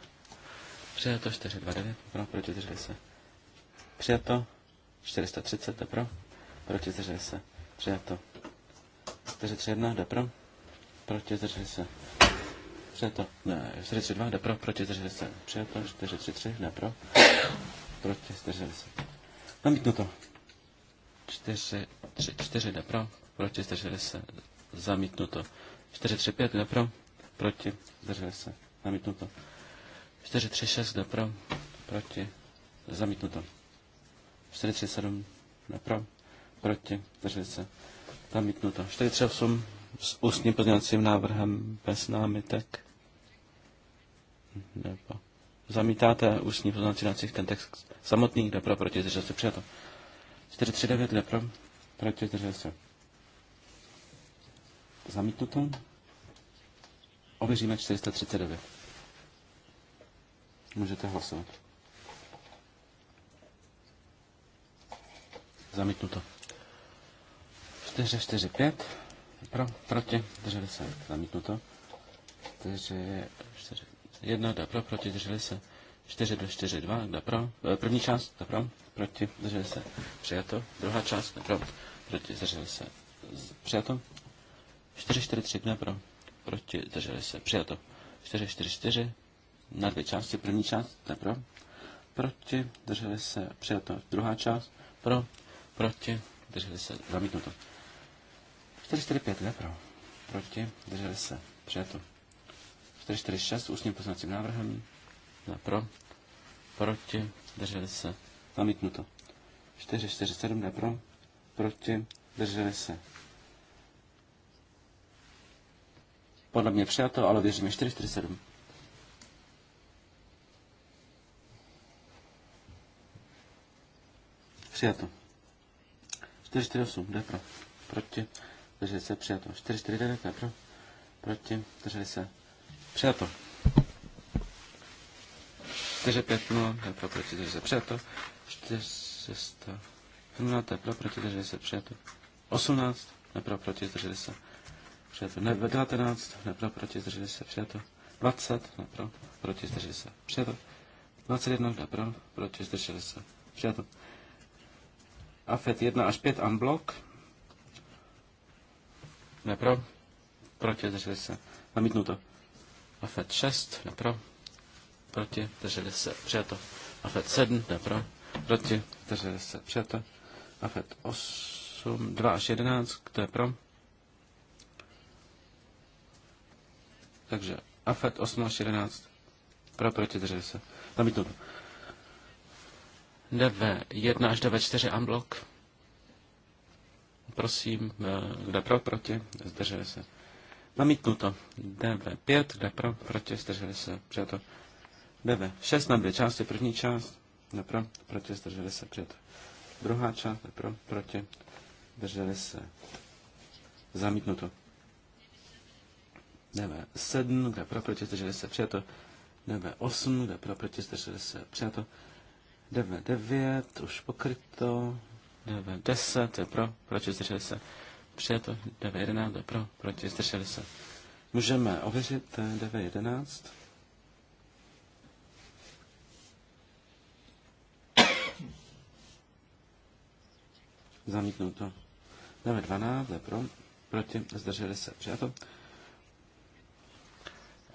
Přijato 429 pro, proti zdrželi se. Přijato 430 jde pro, proti zdrželi se. Přijato 431 jde pro, proti zdrželi se. Přijato ne, 432 jde pro, proti zdrželi se. Přijato 433 jde pro, proti zdrželi se. Zamítnuto. 4, 3, 4 jde pro, proti zdrželi se. Zamítnuto. 435 jde pro, proti zdrželi se. Zamítnuto. 436 jde pro, proti, zamítnuto. 437 jde pro, proti, drželi se, zamítnuto. 438 s ústním pozměňovacím návrhem bez námitek. Nebo zamítáte ústní pozměňovací návrh, ten text samotný, jde pro, proti, drželi se, přijato. 439 jde pro, proti, drželi se. Zamítnuto. Ověříme 439. Můžete hlasovat. Zamítnuto. 4, 4, 5. Pro, proti, drželi se. Zamítnuto. 4, 4, 1, dá pro, proti, drželi se. 4, 2, 4, 2, dá pro. Eh, první část, dá pro, proti, drželi se. Přijato. Druhá část, dá pro, proti, drželi se. Přijato. 4, 4, 3, dá pro, proti, drželi se. Přijato. 4, 4, 4, na dvě části. První část, to je pro, proti, drželi se, přijato. Druhá část, pro, proti, drželi se, zamítnuto. 445, ne pro, proti, drželi se, přijato. 446, ústním poznacím návrhem, ne pro, proti, drželi se, zamítnuto. 447, ne pro, proti, drželi se. Podle mě přijato, ale věříme 447. Přijato. 448, jde pro. Proti. Drželi se, přijato. 449, jde pro. Proti. Drželi se. Přijato. 450, jde pro. Proti. Drželi se, přijato. 400. 17, jde pro. Proti. Drželi se, přijato. 18, jde pro. Proti. Drželi se. Přijato. 19, jde pro. Proti. Drželi se, přijato. 20, jde pro. Proti. Drželi se, přijato. 21, jde pro. Proti. Drželi se, přijato. AFET 1 až 5 unblock. Nepro. Proti, drželi se. Namítnuto. AFET 6, nepro. Proti, drželi se. Přijato. AFET 7, nepro. Proti, drželi se. Přijato. AFET 8, 2 až 11, kdo je pro? Takže AFET 8 až 11. Pro, proti, drželi se. Namítnuto. DV1 až DV4 unblock. Prosím, eh, kde pro, proti, zdrželi se. Namítnuto. DV5, kde pro, proti, zdrželi se. Přijato. DV6 na dvě části, první část, kde pro, proti, zdrželi se. Přijato. Druhá část, kde pro, proti, zdrželi se. Zamítnuto. DV7, kde pro, proti, zdrželi se. Přijato. DV8, kde pro, proti, zdrželi se. Přijato. Jdeme 9 už pokryto, Jdeme 10 to je pro, proti zdrželi se. to, jdeme 11 to je pro, proti zdrželi se. Můžeme ověřit eh, DV11. Zamítnuto. Jdeme 12 to je pro, proti zdrželi se. to.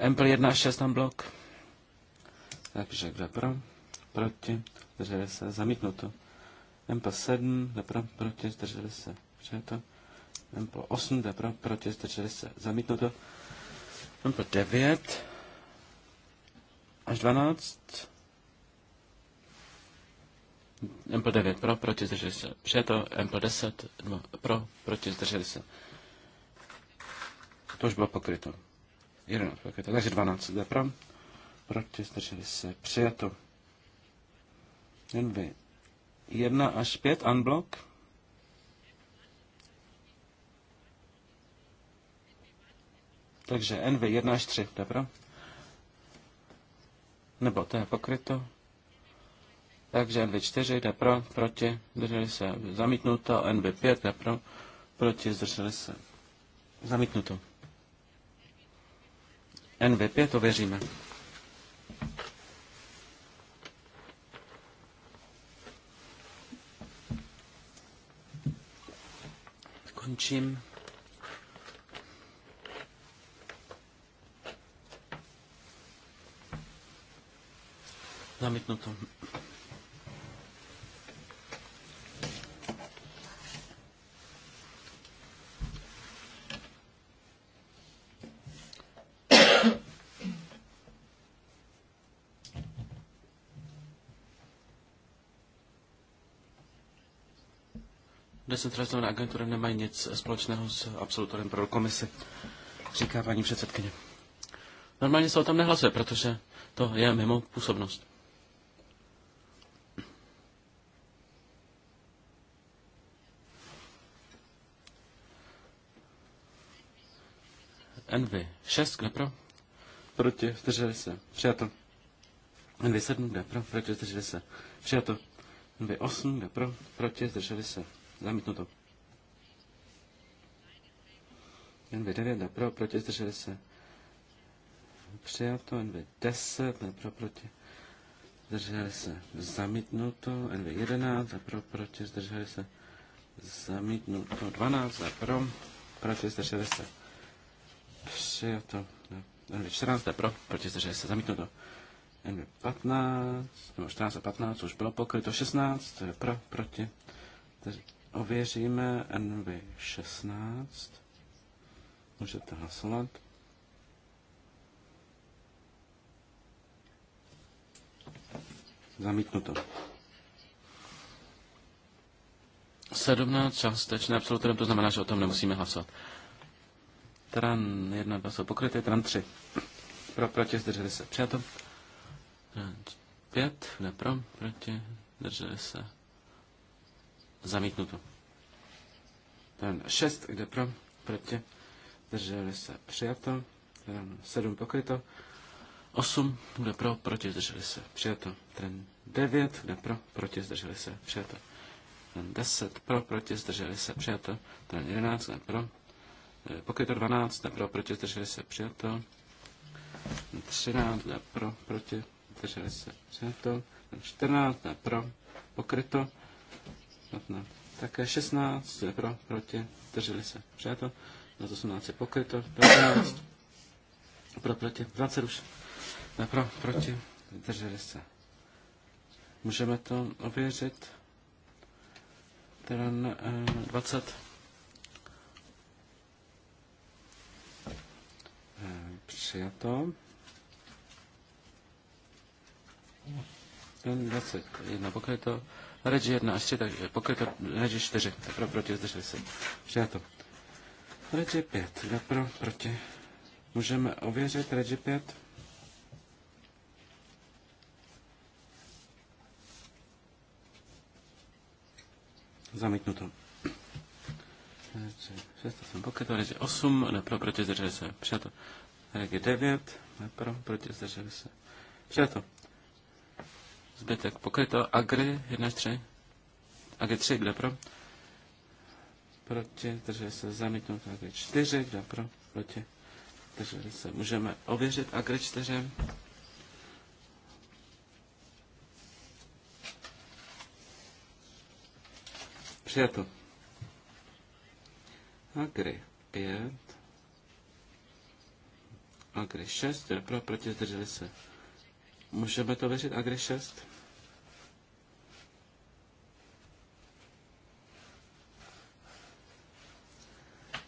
Ample 1 6 tam blok. Takže kdo je pro? proti, zdrželi se, zamítnuto. po 7, jde pro, proti, zdrželi se, přijato. po 8, jde pro, proti, zdrželi se, zamítnuto. Empl 9 až 12. po 9 pro, proti, zdrželi se, přijato. Empl 10 2, pro, proti, zdrželi se. To už bylo pokryto. 11 pokryto, takže 12 jde pro, proti, zdrželi se, přijato. Envy Jedna až pět, unblock. Takže NV 1 až 3, dobro? Nebo to je pokryto. Takže NV 4 jde pro, proti, zdrželi se, zamítnuto, NV 5 jde pro, proti, zdrželi se, zamítnuto. NV 5 ověříme. věříme. Končím. Zamítnuto. Decentralizované agentury nemají nic společného s absolutorem pro komisi, říká paní předsedkyně. Normálně se o tom nehlasuje, protože to je mimo působnost. Envy 6, kde pro? Proti, zdrželi se. Přijato. Envy 7, kde pro? Proti, zdrželi se. Přijato. Envy 8, kde pro? Proti, zdrželi se. Zamítnuto. NV9 na pro, proti, zdrželi se. Přijato NV10, na pro, proti, zdrželi se. Zamítnuto NV11, na pro, proti, zdrželi se. Zamítnuto 12, na pro, proti, zdrželi se. Přijato NV14, na pro, proti, zdrželi se. Zamítnuto. NV15, nebo 14 a 15 už bylo pokryto, 16, to je pro, proti, zdrželi. Ověříme NV16. Můžete hlasovat. Zamítnuto. 17 částečné absolutorium, to znamená, že o tom nemusíme hlasovat. Tran 1, 2 jsou pokryty, Tran 3. Pro, proti, zdrželi se. Přijato. Pět. 5, ne pro, proti, zdrželi se. Zamítnuto. Ten 6, kde pro, proti, drželi se přijato. Ten 7 pokryto. 8, kde pro, proti, zdrželi se přijato. Ten 9, eh, kde pro, proti, zdrželi se přijato. Ten 10, pro, proti, zdrželi se přijato. Ten 11, kde pro, pokryto 12, kde pro, proti, zdrželi se přijato. 13 kde pro, proti, zdrželi se přijato, 14 kde pro, pokryto, platná. Také 16, je pro, proti, drželi se, přijato. 18 je pokryto, 19, pro, proti, 20 už, ne, pro, proti, drželi se. Můžeme to ověřit. Teda na, eh, 20. Eh, přijato. Ten 21 pokryto. Radži jedna, až tak pokryto radži čtyři, tak pro, proti, zdrželi se. Přijato. Radži pět, kdo pro, proti. Můžeme ověřit radži pět. Zamítnuto. Regi 6, jsem pokryto, radži osm, ne pro, proti, zdrželi se. Přijato. Radži devět, ne pro, proti, zdrželi se. Přijato zbytek pokryto. agry 1 až 3. tři 3, kde pro? Proti, takže se zamítnout. agry 4, kde pro? Proti, takže se. Můžeme ověřit agry 4. Přijato. Agry 5. Agry 6, kde pro? Proti, zdrželi se. Můžeme to věřit Agri 6?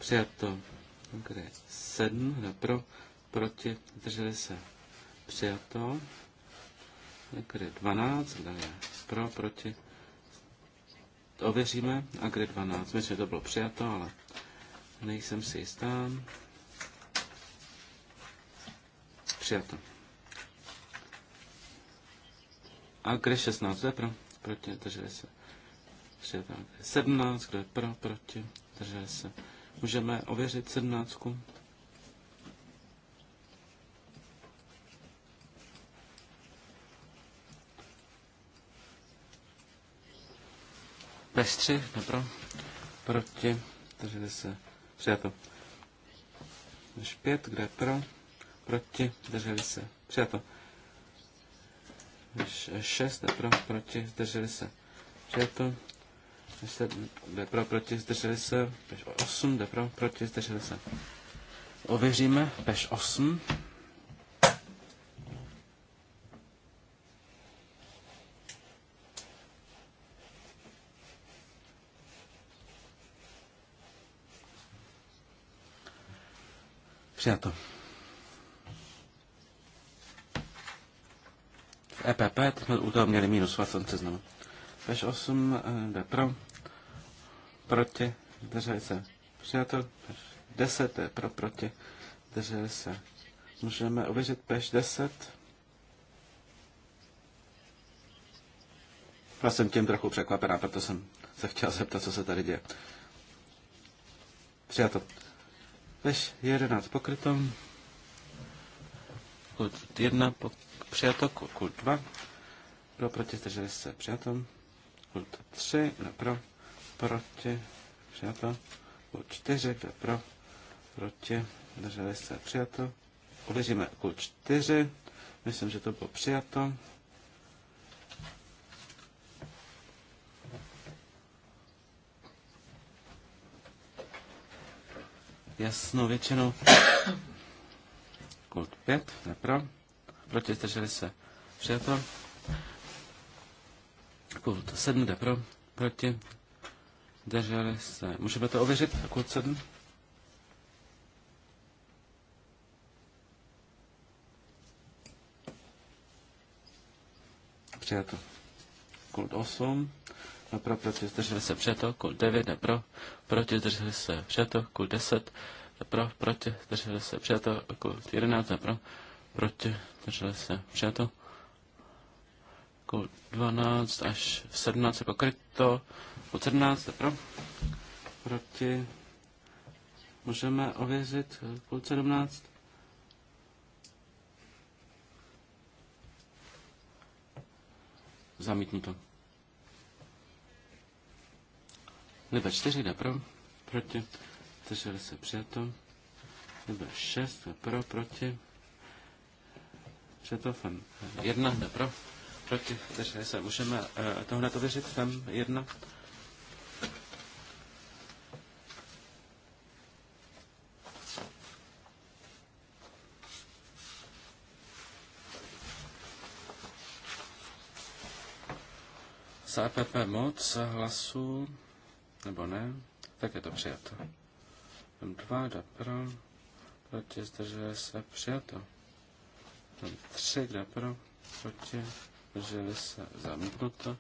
přijato. Kde je 7, pro, proti, drželi se, přijato. Kde je 12, kde je pro, proti, ověříme. A kde 12, myslím, že to bylo přijato, ale nejsem si jistá. Přijato. A kde 16, kde je pro, proti, drželi se, přijato. 17, kde je pro, proti, drželi se, Můžeme ověřit sedmnáctku. Bez tři, nepro. Proti. Takže se přijato. Než pět, kde pro. Proti. zdrželi se. Přijato. Než šest, pro. Proti. zdrželi se. Přijato. 7, jde pro, proti, zdrželi se, peš 8, jde pro, proti, zdrželi se. Ověříme, peš 8. Přijato. V EPP jsme u toho měli minus 20 seznamu až 8 eh, jde pro, proti, zdrželi se přijato, 10 je pro, proti, zdrželi se. Můžeme ověřit peš 10. Já jsem tím trochu překvapená, proto jsem se chtěl zeptat, co se tady děje. Přijato. Peš 11 pokryto. Kult 1 po, přijato, kult 2. Pro proti zdrželi se Přijato bod 3, kdo pro, proti, přijato. bod 4, kdo pro, proti, drželi se, přijato. Uvěříme kult 4, myslím, že to bylo přijato. Jasnou většinou. Kult 5, nepro. Proti zdrželi se. Přijato. Kult jako 7 jde pro, proti, drželi se. Můžeme to ověřit, kult jako 7? Přijato. Kult 8 A pro, proti, zdrželi se, přijato. Kult 9 jde pro, proti, zdrželi se, přijato. Kult 10 jde pro, proti, zdrželi se, přijato. Kult 11 jde pro, proti, zdrželi se, přijato jako 12 až 17 jako krypto, od 17 pro, proti, můžeme ověřit půl 17. Zamítnuto. Nebe 4 jde pro, proti, drželi se přijato. Nebe 6 jde pro, proti, přijato, 1 jde pro proti, takže se. Můžeme uh, eh, tohle to věřit, FEM 1. CPP e moc hlasu, nebo ne, tak je to přijato. M2 jde pro, proti zdržuje se přijato. M3 jde pro, proti zdrželi se, zamítnuto.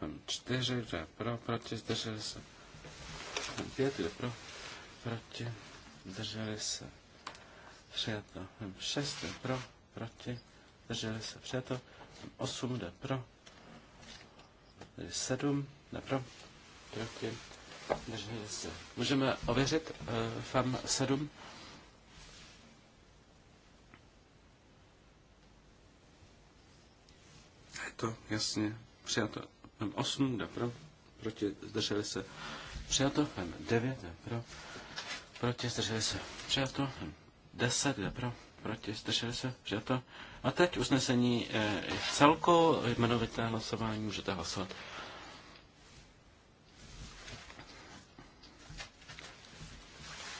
Mám čtyři, kdo je pro, proti, zdrželi se. Mám pět, kdo je pro, proti, zdrželi se. Přijato. Mám šest, kdo je pro, proti, zdrželi se. Přijato. Mám osm, kdo je pro, tedy sedm, kdo je pro, proti, zdrželi se. Můžeme ověřit uh, FAM sedm. přijato, jasně, přijato. Pem 8 jde pro, proti, zdrželi se, přijato. Pem 9 jde pro, proti, zdrželi se, přijato. Pem 10 jde pro, proti, zdrželi se, přijato. A teď usnesení e, celku, jmenovité hlasování, můžete hlasovat.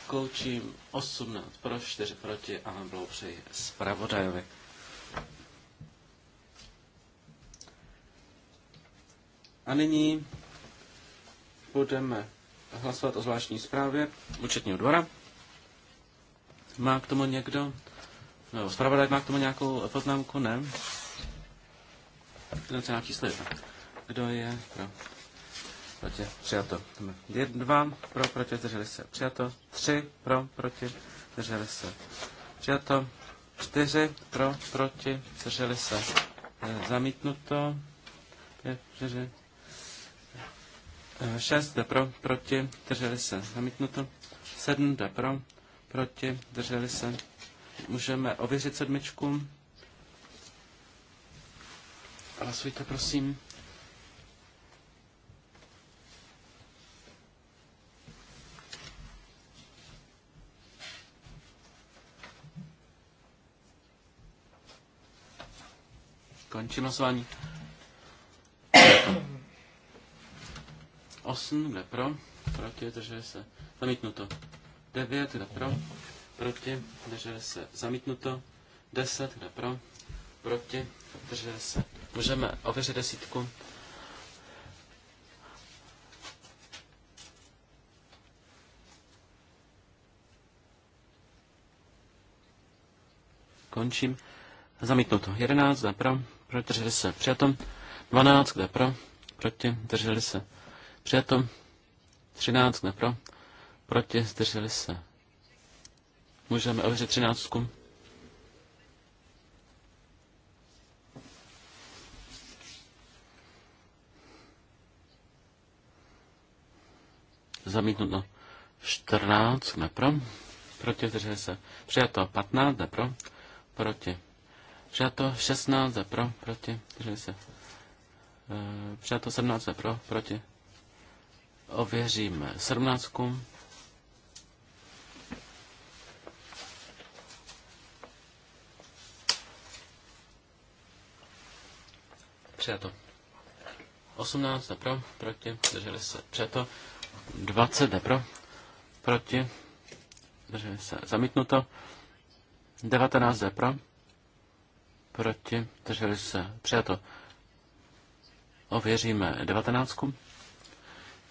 Koučím 18 pro, 4 proti a blahopřeji zpravodajovi. A nyní budeme hlasovat o zvláštní zprávě účetního dvora. Má k tomu někdo? No, zpravodaj má k tomu nějakou poznámku? Ne? Financená číslo jedna. Kdo je pro? Proti. Přijato. Je dva. Pro, proti, zdrželi se. Přijato. Tři. Pro, proti, zdrželi se. Přijato. Čtyři. Pro, proti, zdrželi se. E, zamítnuto. Pět, čtyři, 6 jde pro, proti, drželi se, zamítnuto. 7 jde pro, proti, drželi se. Můžeme ověřit sedmičku. Hlasujte, prosím. Končím hlasování. 8, kde pro, proti, drželi se, zamítnuto. 9, kde pro, proti, drželi se, zamítnuto. 10, kde pro, proti, drželi se. Můžeme ověřit desítku. Končím. Zamítnuto. 11, kde pro, proti, drželi se. Přijatom. 12, kde pro, proti, drželi se. Přijato 13 nepro, proti zdrželi se. Můžeme ověřit 13. Zamítnuto 14 nepro, proti zdrželi se. Přijato 15 nepro, proti. Přijato 16 pro, proti, zdrželi se. Přijato 17 pro, proti, ověřím sedmnáctku. Přijato. 18 pro, proti, drželi se, přijato. 20 pro, proti, drželi se, zamítnuto. 19 pro, proti, drželi se, přijato. Ověříme 19.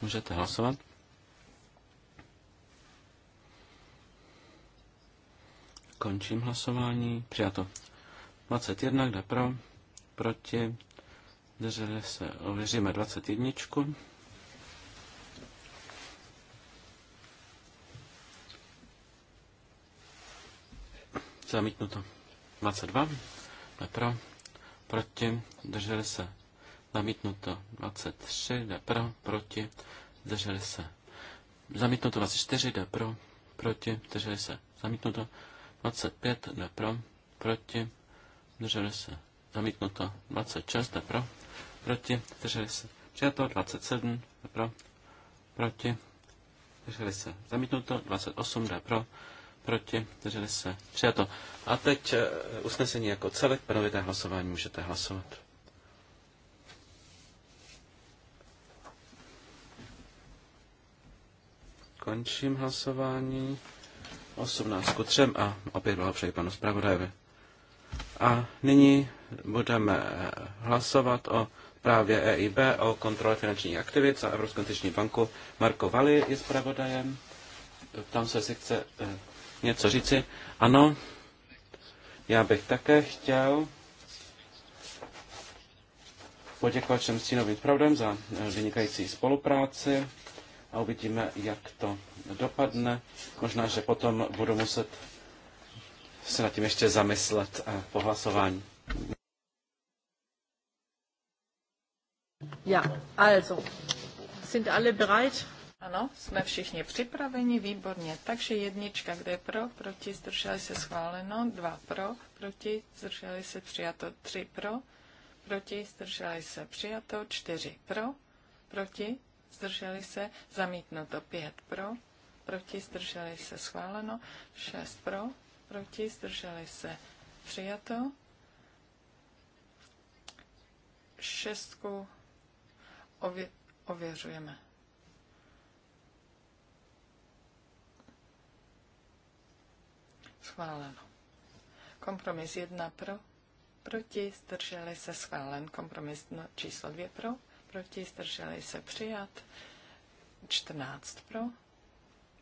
Můžete hlasovat. Končím hlasování. Přijato. 21, kde pro, proti, drželi se, ověříme 21. Zamítnuto. 22, kde pro, proti, drželi se, Zamítnuto 23, jde pro, proti, zdrželi se. Zamítnuto 24, jde pro, proti, zdrželi se. Zamítnuto 25, jde pro, proti, zdrželi se. Zamítnuto 26, jde pro, proti, zdrželi se. Přijato 27, jde pro, proti, zdrželi se. Zamítnuto 28, jde pro, proti, zdrželi se. Přijato. A teď eh, usnesení jako celek, panovité hlasování, můžete hlasovat. Končím hlasování. 18 ku 3 a opět blahopřeji panu zpravodajovi. A nyní budeme hlasovat o právě EIB, o kontrole finančních aktivit za Evropskou investiční banku. Marko Vali je zpravodajem. Tam se, jestli chce eh, něco říci. Ano, já bych také chtěl poděkovat všem stínovým pravdem za vynikající spolupráci a uvidíme, jak to dopadne. Možná, že potom budu muset se nad tím ještě zamyslet po hlasování. Ja, also, sind alle bereit? Ano, jsme všichni připraveni, výborně. Takže jednička, kde pro, proti, zdrželi se schváleno, dva pro, proti, zdrželi se přijato, tři pro, proti, zdrželi se přijato, čtyři pro, proti, zdrželi se, to 5 pro, proti, zdrželi se, schváleno, 6 pro, proti, zdrželi se, přijato, šestku ově, ověřujeme. Schváleno. Kompromis 1 pro, proti, zdrželi se schválen. Kompromis číslo 2 pro, proti, zdrželi se přijat. 14 pro,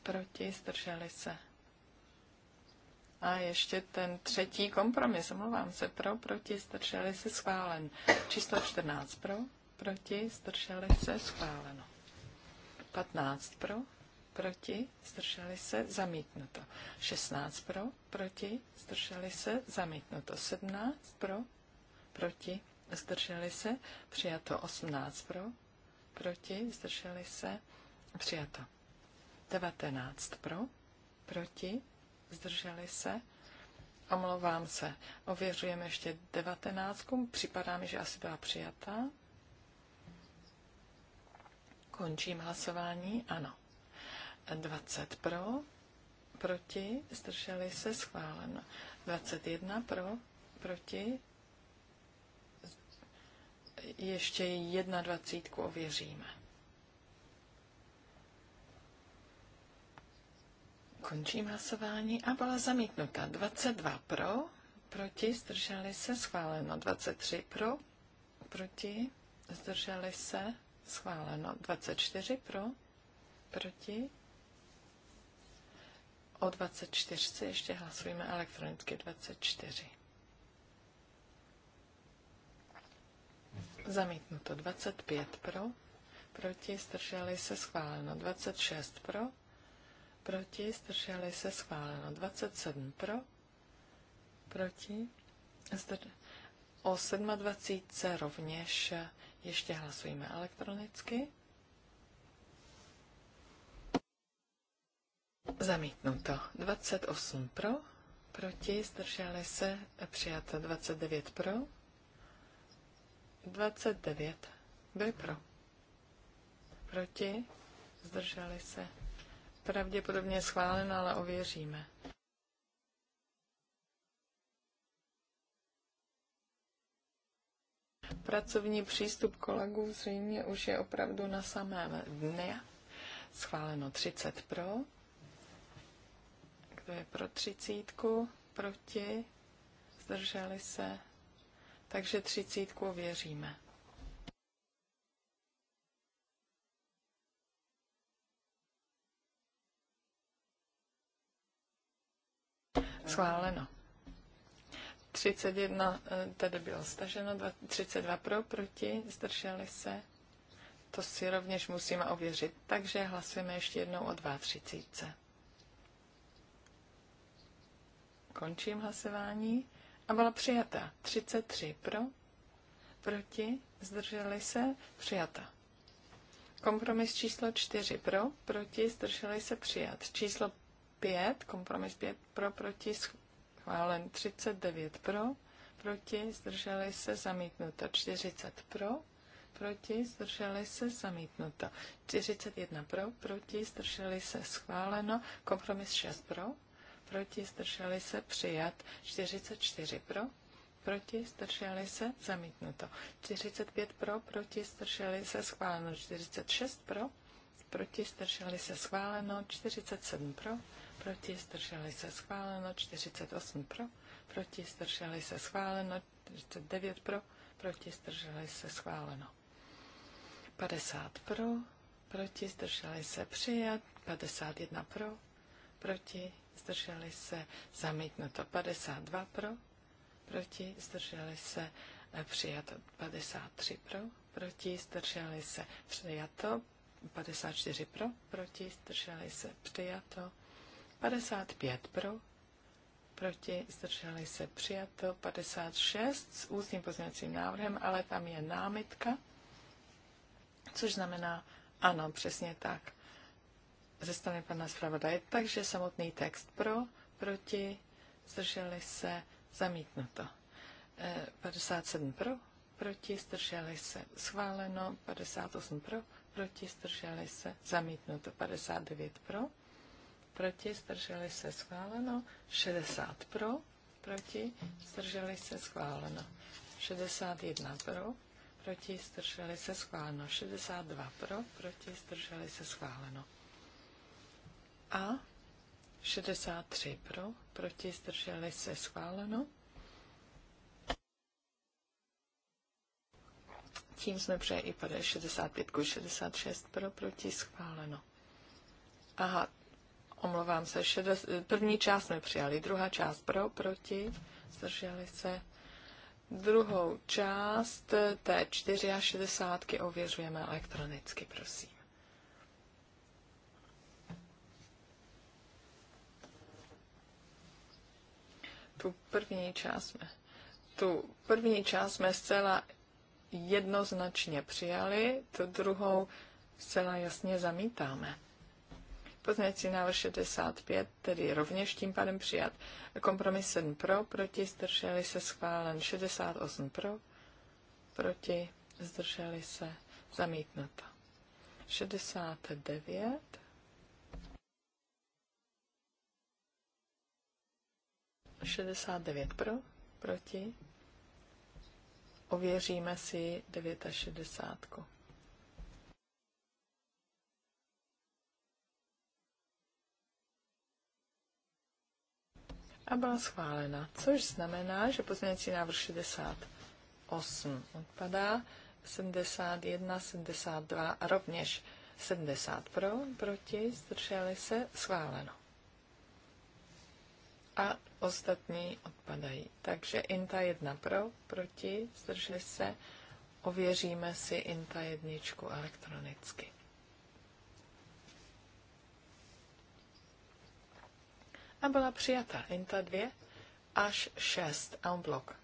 proti, zdrželi se. A ještě ten třetí kompromis, omlouvám se, pro, proti, zdrželi se, schválen. Číslo 14 pro, proti, zdrželi se, schváleno. 15 pro, proti, zdrželi se, zamítnuto. 16 pro, proti, zdrželi se, zamítnuto. 17 pro, proti, zdrželi se, přijato 18 pro, proti, zdrželi se, přijato 19 pro, proti, zdrželi se, omlouvám se, ověřujeme ještě 19, připadá mi, že asi byla přijatá. Končím hlasování, ano. 20 pro, proti, zdrželi se, schváleno. 21 pro, proti, ještě jedna dvacítku ověříme. Končím hlasování a byla zamítnuta 22 pro, proti, zdrželi se, schváleno 23 pro, proti, zdrželi se, schváleno 24 pro, proti. O 24 ještě hlasujeme elektronicky 24. Zamítnuto 25 pro, proti strželi se schváleno 26 pro, proti strželi se schváleno 27 pro, proti zdr... o 27 rovněž ještě hlasujeme elektronicky. Zamítnuto 28 pro, proti zdrželi se přijato 29 pro, 29. Kdo pro? Proti? Zdrželi se. Pravděpodobně schváleno, ale ověříme. Pracovní přístup kolegů zřejmě už je opravdu na samém dně. Schváleno 30 pro. Kdo je pro třicítku? Proti? Zdrželi se? takže třicítku věříme. Schváleno. 31 eh, tedy bylo staženo, 32 pro, proti, zdrželi se. To si rovněž musíme ověřit, takže hlasujeme ještě jednou o 2.30. Končím hlasování a byla přijata. 33 pro, proti, zdrželi se, přijata. Kompromis číslo 4 pro, proti, zdrželi se, přijat. Číslo 5, kompromis 5 pro, proti, schválen. 39 pro, proti, zdrželi se, zamítnuto. 40 pro, proti, zdrželi se, zamítnuto. 41 pro, proti, zdrželi se, schváleno. Kompromis 6 pro, proti, zdrželi se, přijat. 44 pro, proti, zdrželi se, zamítnuto. 45 pro, proti, zdrželi se, schváleno. 46 pro, proti, zdrželi se, schváleno. 47 pro, proti, zdrželi se, schváleno. 48 pro, proti, zdrželi se, schváleno. 49 pro, proti, zdrželi se, schváleno. 50 pro, proti, zdrželi se, přijat. 51 pro, proti, zdrželi se, zamítnuto 52 eh, pro, proti, zdrželi se, přijato 53 pro, proti, zdrželi se, přijato 54 pro, proti, zdrželi se, přijato 55 pro, proti, zdrželi se, přijato 56 s ústním pozměňovacím návrhem, ale tam je námitka, což znamená ano, přesně tak ze strany pana zpravodaje. Takže samotný text pro, proti, zdrželi se, zamítnuto. 57 e, pro, proti, zdrželi se, schváleno, 58 pro, proti, zdrželi se, zamítnuto, 59 pro, proti, zdrželi se, schváleno, 60 pro, proti, zdrželi se, schváleno, 61 pro, proti, zdrželi se, schváleno, 62 pro, proti, zdrželi se, schváleno. A 63 pro, proti zdrželi se schváleno. Tím jsme i 65 ku 66 pro, proti schváleno. Aha, omlouvám se, šedes, první část jsme přijali, druhá část pro, proti, zdrželi se. Druhou část té 64 ověřujeme elektronicky, prosím. tu první část jsme, tu první část jsme zcela jednoznačně přijali, tu druhou zcela jasně zamítáme. Pozměňovací návrh 65, tedy rovněž tím pádem přijat. Kompromis 7 pro, proti, zdrželi se schválen 68 pro, proti, zdrželi se zamítnuto. 69 69 pro, proti. Ověříme si 69. A byla schválena, což znamená, že pozměňovací návrh 68 odpadá, 71, 72 a rovněž 70 pro, proti, zdrželi se, schváleno. A ostatní odpadají. Takže INTA jedna pro, proti, zdrželi se, ověříme si INTA jedničku elektronicky. A byla přijata INTA 2 až 6 en blok.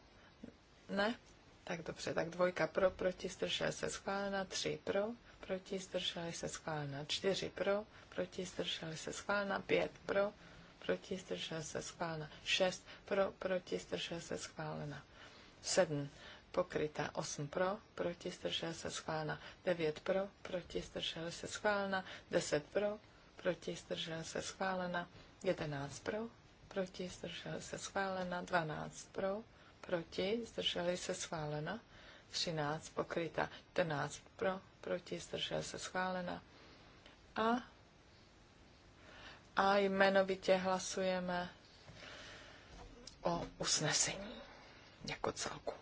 Ne? Tak dobře, tak dvojka pro, proti, zdrželi se, schválena, 3 pro, proti, zdrželi se, schválena, 4 pro, proti, zdrželi se, schválena, 5 pro, proti, zdržel se, schválena. 6 pro, proti, zdržel se, schválena. 7 pokryta. 8 pro, proti, zdržel se, schválena. 9 pro, proti, zdržel se, schválena. 10 pro, proti, zdržel se, schválena. 11 pro, proti, zdržel se, schválena. 12 pro, proti, zdrželi se, schválena. 13 pokryta. 14 pro, proti, zdržel se, schválena. A a jmenovitě hlasujeme o usnesení jako celku.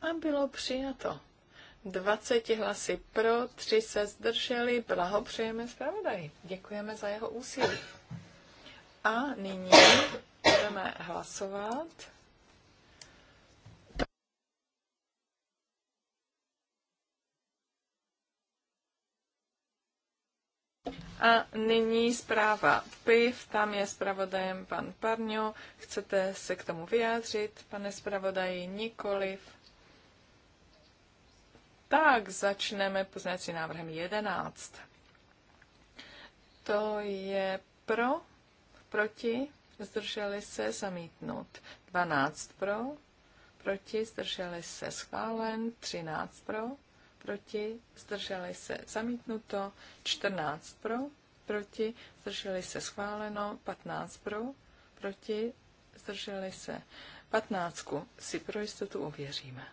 A bylo přijato. 20 hlasy pro, 3 se zdrželi, blahopřejeme zpravodaji. Děkujeme za jeho úsilí. A nyní budeme hlasovat A nyní zpráva PIV, tam je zpravodajem pan Parňo. Chcete se k tomu vyjádřit, pane zpravodaji? Nikoliv. Tak, začneme poznací návrhem 11. To je pro, proti, zdrželi se, zamítnut. 12 pro, proti, zdrželi se, schválen. 13 pro, proti, zdrželi se zamítnuto, 14 pro, proti, zdrželi se schváleno, 15 pro, proti, zdrželi se 15 si pro jistotu uvěříme.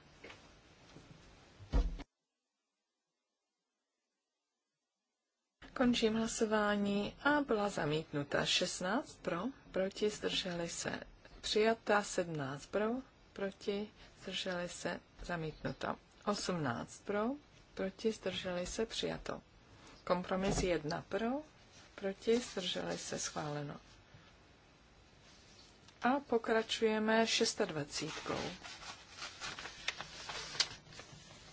Končím hlasování a byla zamítnuta 16 pro, proti zdrželi se přijata 17 pro, proti zdrželi se zamítnuto 18 pro, proti, zdrželi se, přijato. Kompromis 1 pro, proti, zdrželi se, schváleno. A pokračujeme 26.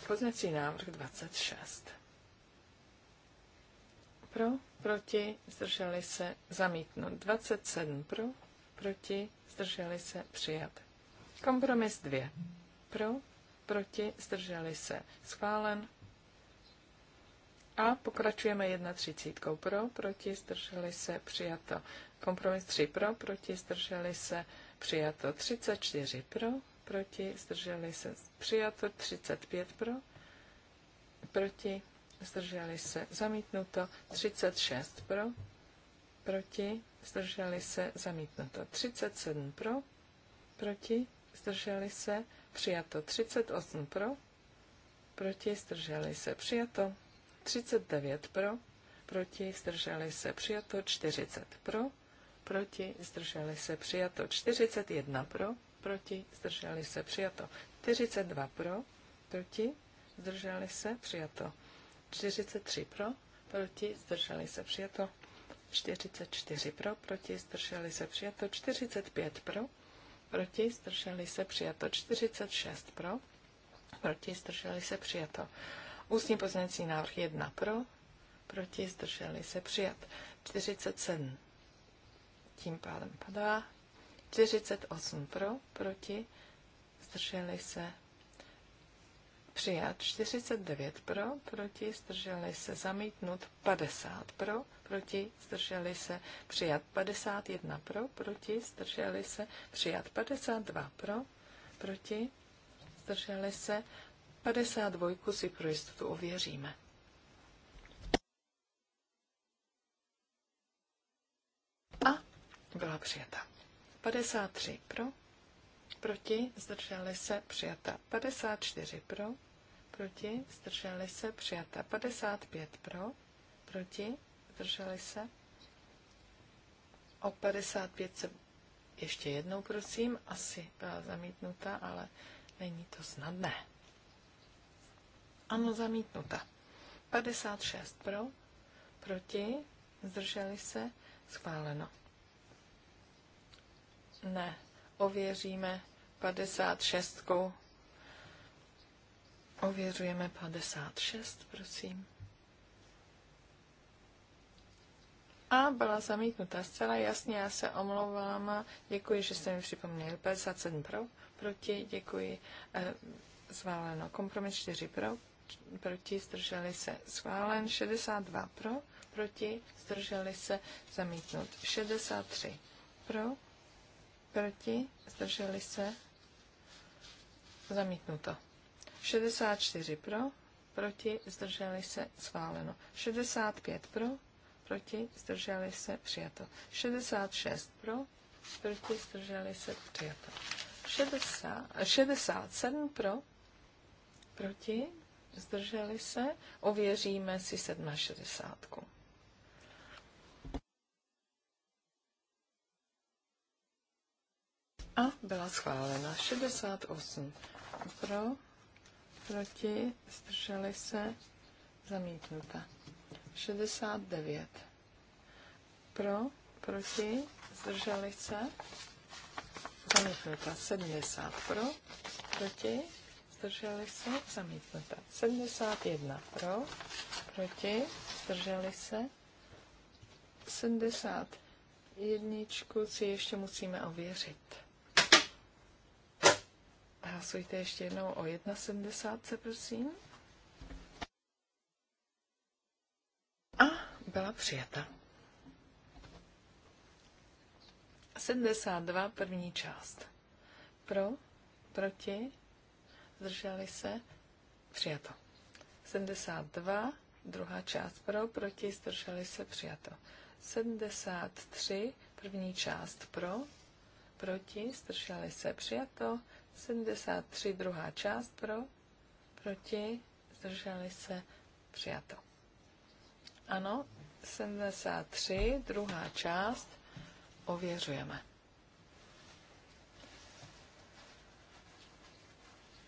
Poznací návrh 26. Pro, proti, zdrželi se, zamítnout. 27 pro, proti, zdrželi se, přijat. Kompromis 2. Pro, proti, zdrželi se, schválen. A pokračujeme 31 pro, proti, zdrželi se, přijato. Kompromis 3 pro, proti, zdrželi se, přijato. 34 pro, proti, zdrželi se, přijato. 35 pro, proti, zdrželi se, zamítnuto. 36 pro, proti, zdrželi se, zamítnuto. 37 pro, proti, zdrželi se, Přijato 38 pro, proti, zdrželi se. Přijato 39 pro, proti, zdrželi se. Přijato 40 pro, proti, zdrželi se. Přijato 41 pro, proti, zdrželi se. Přijato 42 pro, proti, zdrželi se. Přijato 43 pro, proti, zdrželi se. Přijato 44 pro, proti, zdrželi se. Přijato 45 pro, proti, strželi se přijato. 46 pro, proti, strželi se přijato. Ústní pozměňovací návrh 1 pro, proti, zdrželi se přijat. 47 tím pádem padá. 48 pro, proti, zdrželi se Přijat 49 pro, proti, zdrželi se zamítnut 50 pro, proti, zdrželi se přijat 51 pro, proti, zdrželi se přijat 52 pro, proti, zdrželi se 52 si pro jistotu ověříme. A byla přijata. 53 pro, proti, zdrželi se přijata 54 pro, proti, zdrželi se, přijata. 55 pro, proti, zdrželi se. O 55 se ještě jednou prosím, asi byla zamítnuta, ale není to snadné. Ano, zamítnuta. 56 pro, proti, zdrželi se, schváleno. Ne, ověříme 56 Ověřujeme 56, prosím. A byla zamítnuta zcela jasně, já se omlouvám. Děkuji, že jste mi připomněli 57 pro, proti, děkuji. zváleno. Eh, Kompromis 4 pro, proti, zdrželi se. Schválen 62 pro, proti, zdrželi se. Zamítnut 63 pro, proti, zdrželi se. Zamítnuto. 64 pro, proti, zdrželi se, schváleno. 65 pro, proti, zdrželi se, přijato. 66 pro, proti, zdrželi se, přijato. 60, 67 pro, proti, zdrželi se, ověříme si 67. A byla schválena 68 pro, proti, zdrželi se, zamítnuta. 69. Pro, proti, zdrželi se, zamítnuta. 70. Pro, proti, zdrželi se, zamítnuta. 71. Pro, proti, zdrželi se, 71. si ještě musíme ověřit. Hlasujte ještě jednou o 1,70, prosím. A byla přijata. 72, první část. Pro, proti, zdrželi se, přijato. 72, druhá část pro, proti, zdrželi se, přijato. 73, první část pro, proti, zdrželi se, přijato. 73, druhá část pro, proti, zdrželi se, přijato. Ano, 73, druhá část, ověřujeme.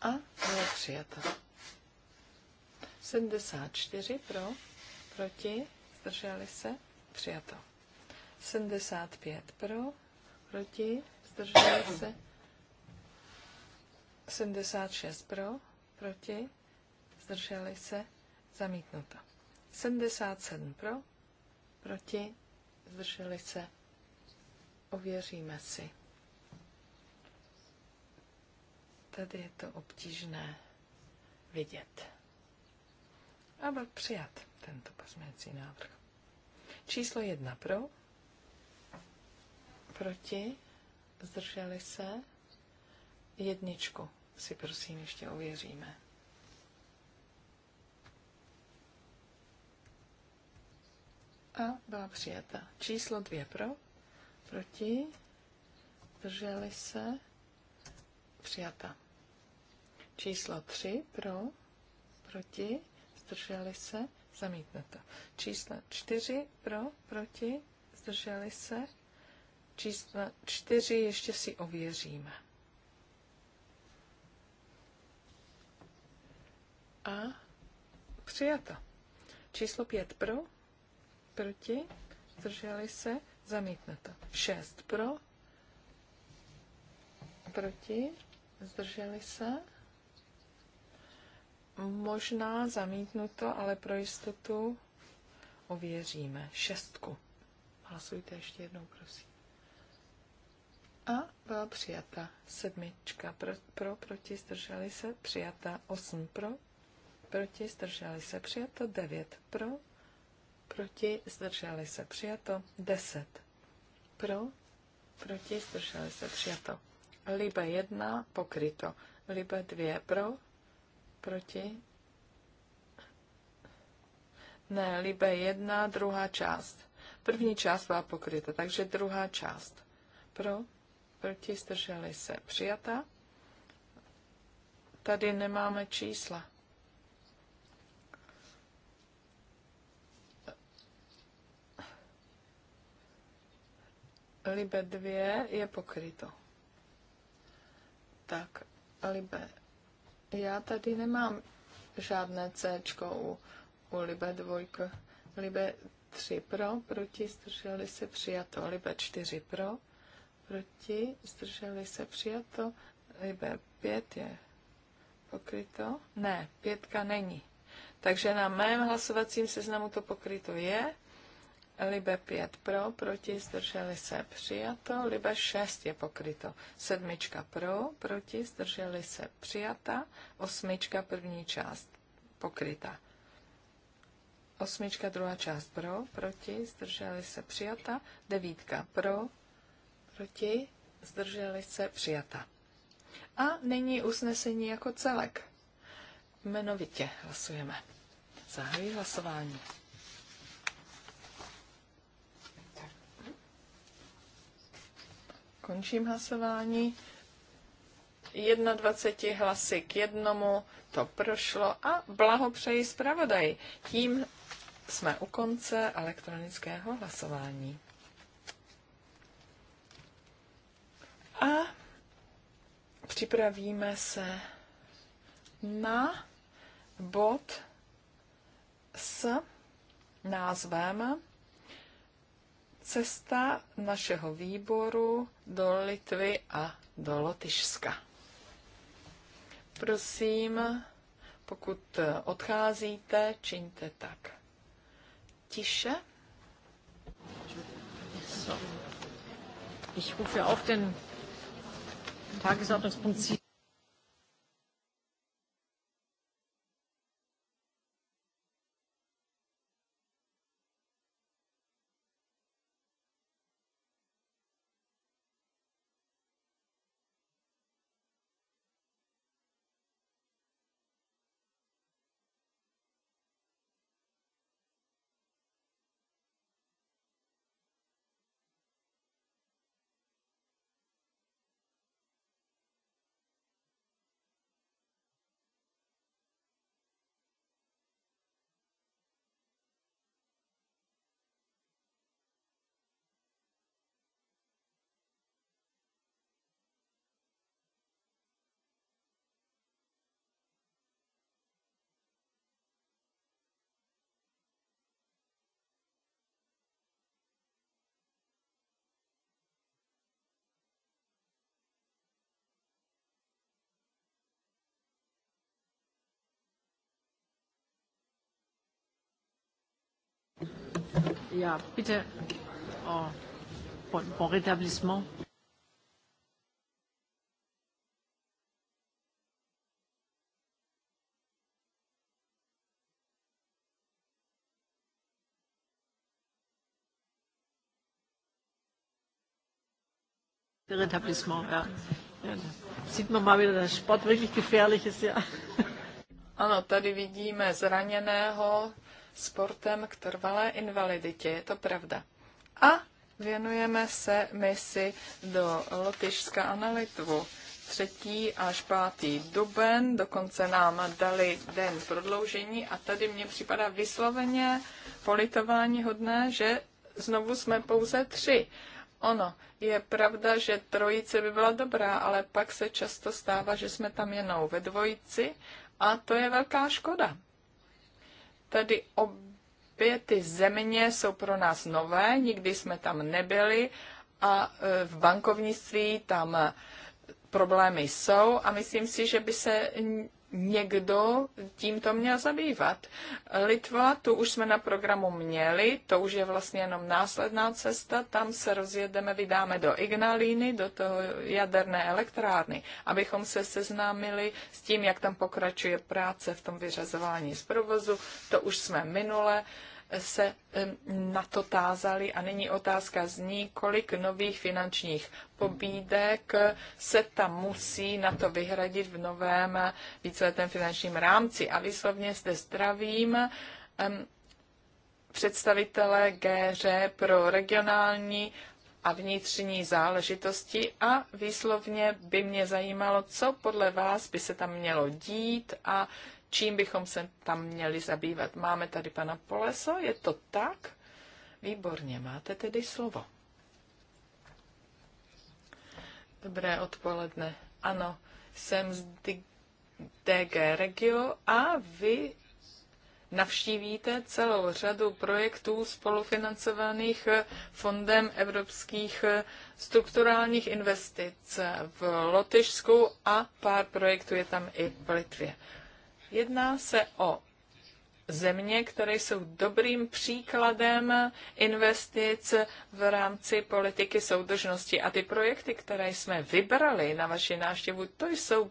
A bylo přijato. 74 pro, proti, zdrželi se, přijato. 75 pro, proti, zdrželi se, 76 pro, proti, zdrželi se, zamítnuto. 77 pro, proti, zdrželi se, ověříme si. Tady je to obtížné vidět. A byl přijat tento pozměnící návrh. Číslo jedna pro, proti, zdrželi se, Jedničku si prosím ještě ověříme. A byla přijata. Číslo dvě pro, proti, drželi se, přijata. Číslo tři pro, proti, zdrželi se, zamítnuto. Číslo čtyři pro, proti, zdrželi se, číslo čtyři ještě si ověříme. a přijata. Číslo 5 pro, proti, zdrželi se, zamítnuto. 6 pro, proti, zdrželi se, možná zamítnuto, ale pro jistotu ověříme. Šestku. Hlasujte ještě jednou, prosím. A byla přijata sedmička pro, pro proti, zdrželi se, přijata osm pro, proti, zdrželi se přijato, 9 pro, proti, zdrželi se přijato, 10 pro, proti, zdrželi se přijato. Libe 1 pokryto, libe 2 pro, proti, ne, libe 1, druhá část. První část byla pokryta, takže druhá část. Pro, proti, zdrželi se přijata. Tady nemáme čísla. Libe 2 je pokryto. Tak, Libe, já tady nemám žádné C u, u Libe 2. Libe 3 pro, proti, zdrželi se přijato. Libe 4 pro, proti, zdrželi se přijato. Libe 5 je pokryto. Ne, pětka není. Takže na mém hlasovacím seznamu to pokryto je. Libe 5 pro, proti, zdrželi se, přijato. Libe 6 je pokryto. Sedmička pro, proti, zdrželi se, přijata. Osmička první část pokryta. Osmička druhá část pro, proti, zdrželi se, přijata. Devítka pro, proti, zdrželi se, přijata. A nyní usnesení jako celek. Jmenovitě hlasujeme. Zahajuji hlasování. Končím hlasování. 21 hlasy k jednomu to prošlo a blahopřeji zpravodaj. Tím jsme u konce elektronického hlasování. A připravíme se na bod s názvem cesta našeho výboru do Litvy a do Lotyšska. Prosím, pokud odcházíte, čiňte tak tiše. Ich rufe auf den Tagesordnungspunkt 7. Ja, bitte. Oh, bon, bon rétablissement. Rétablissement, ja. Sieht man mal wieder, dass Sport wirklich gefährlich ist, ja. Ano, tady vidíme zraněného sportem k trvalé invaliditě. Je to pravda. A věnujeme se misi do Lotyšska a na Litvu. 3. až 5. duben, dokonce nám dali den prodloužení a tady mně připadá vysloveně politování hodné, že znovu jsme pouze tři. Ono, je pravda, že trojice by byla dobrá, ale pak se často stává, že jsme tam jenom ve dvojici a to je velká škoda. Tedy obě ty země jsou pro nás nové, nikdy jsme tam nebyli a e, v bankovnictví tam e, problémy jsou a myslím si, že by se někdo tímto měl zabývat. Litva, tu už jsme na programu měli, to už je vlastně jenom následná cesta, tam se rozjedeme, vydáme do Ignalíny, do toho jaderné elektrárny, abychom se seznámili s tím, jak tam pokračuje práce v tom vyřazování z provozu, to už jsme minule uh, se na to tázali a nyní otázka zní, kolik nových finančních pobídek se tam musí na to vyhradit v novém eh, víceletém finančním rámci. A výslovně zde zdravím představitele GŘ pro regionální a vnitřní záležitosti a výslovně by mě zajímalo, co podle vás by se tam mělo dít a čím bychom se tam měli zabývat. Máme tady pana Poleso, je to tak? Výborně, máte tedy slovo. Dobré odpoledne. Ano, jsem z DG Regio a vy navštívíte celou řadu projektů spolufinancovaných Fondem evropských strukturálních investic v Lotyšsku a pár projektů je tam i v Litvě. Jedná se o země, které jsou dobrým příkladem investic v rámci politiky soudržnosti. A ty projekty, které jsme vybrali na vaši návštěvu, to jsou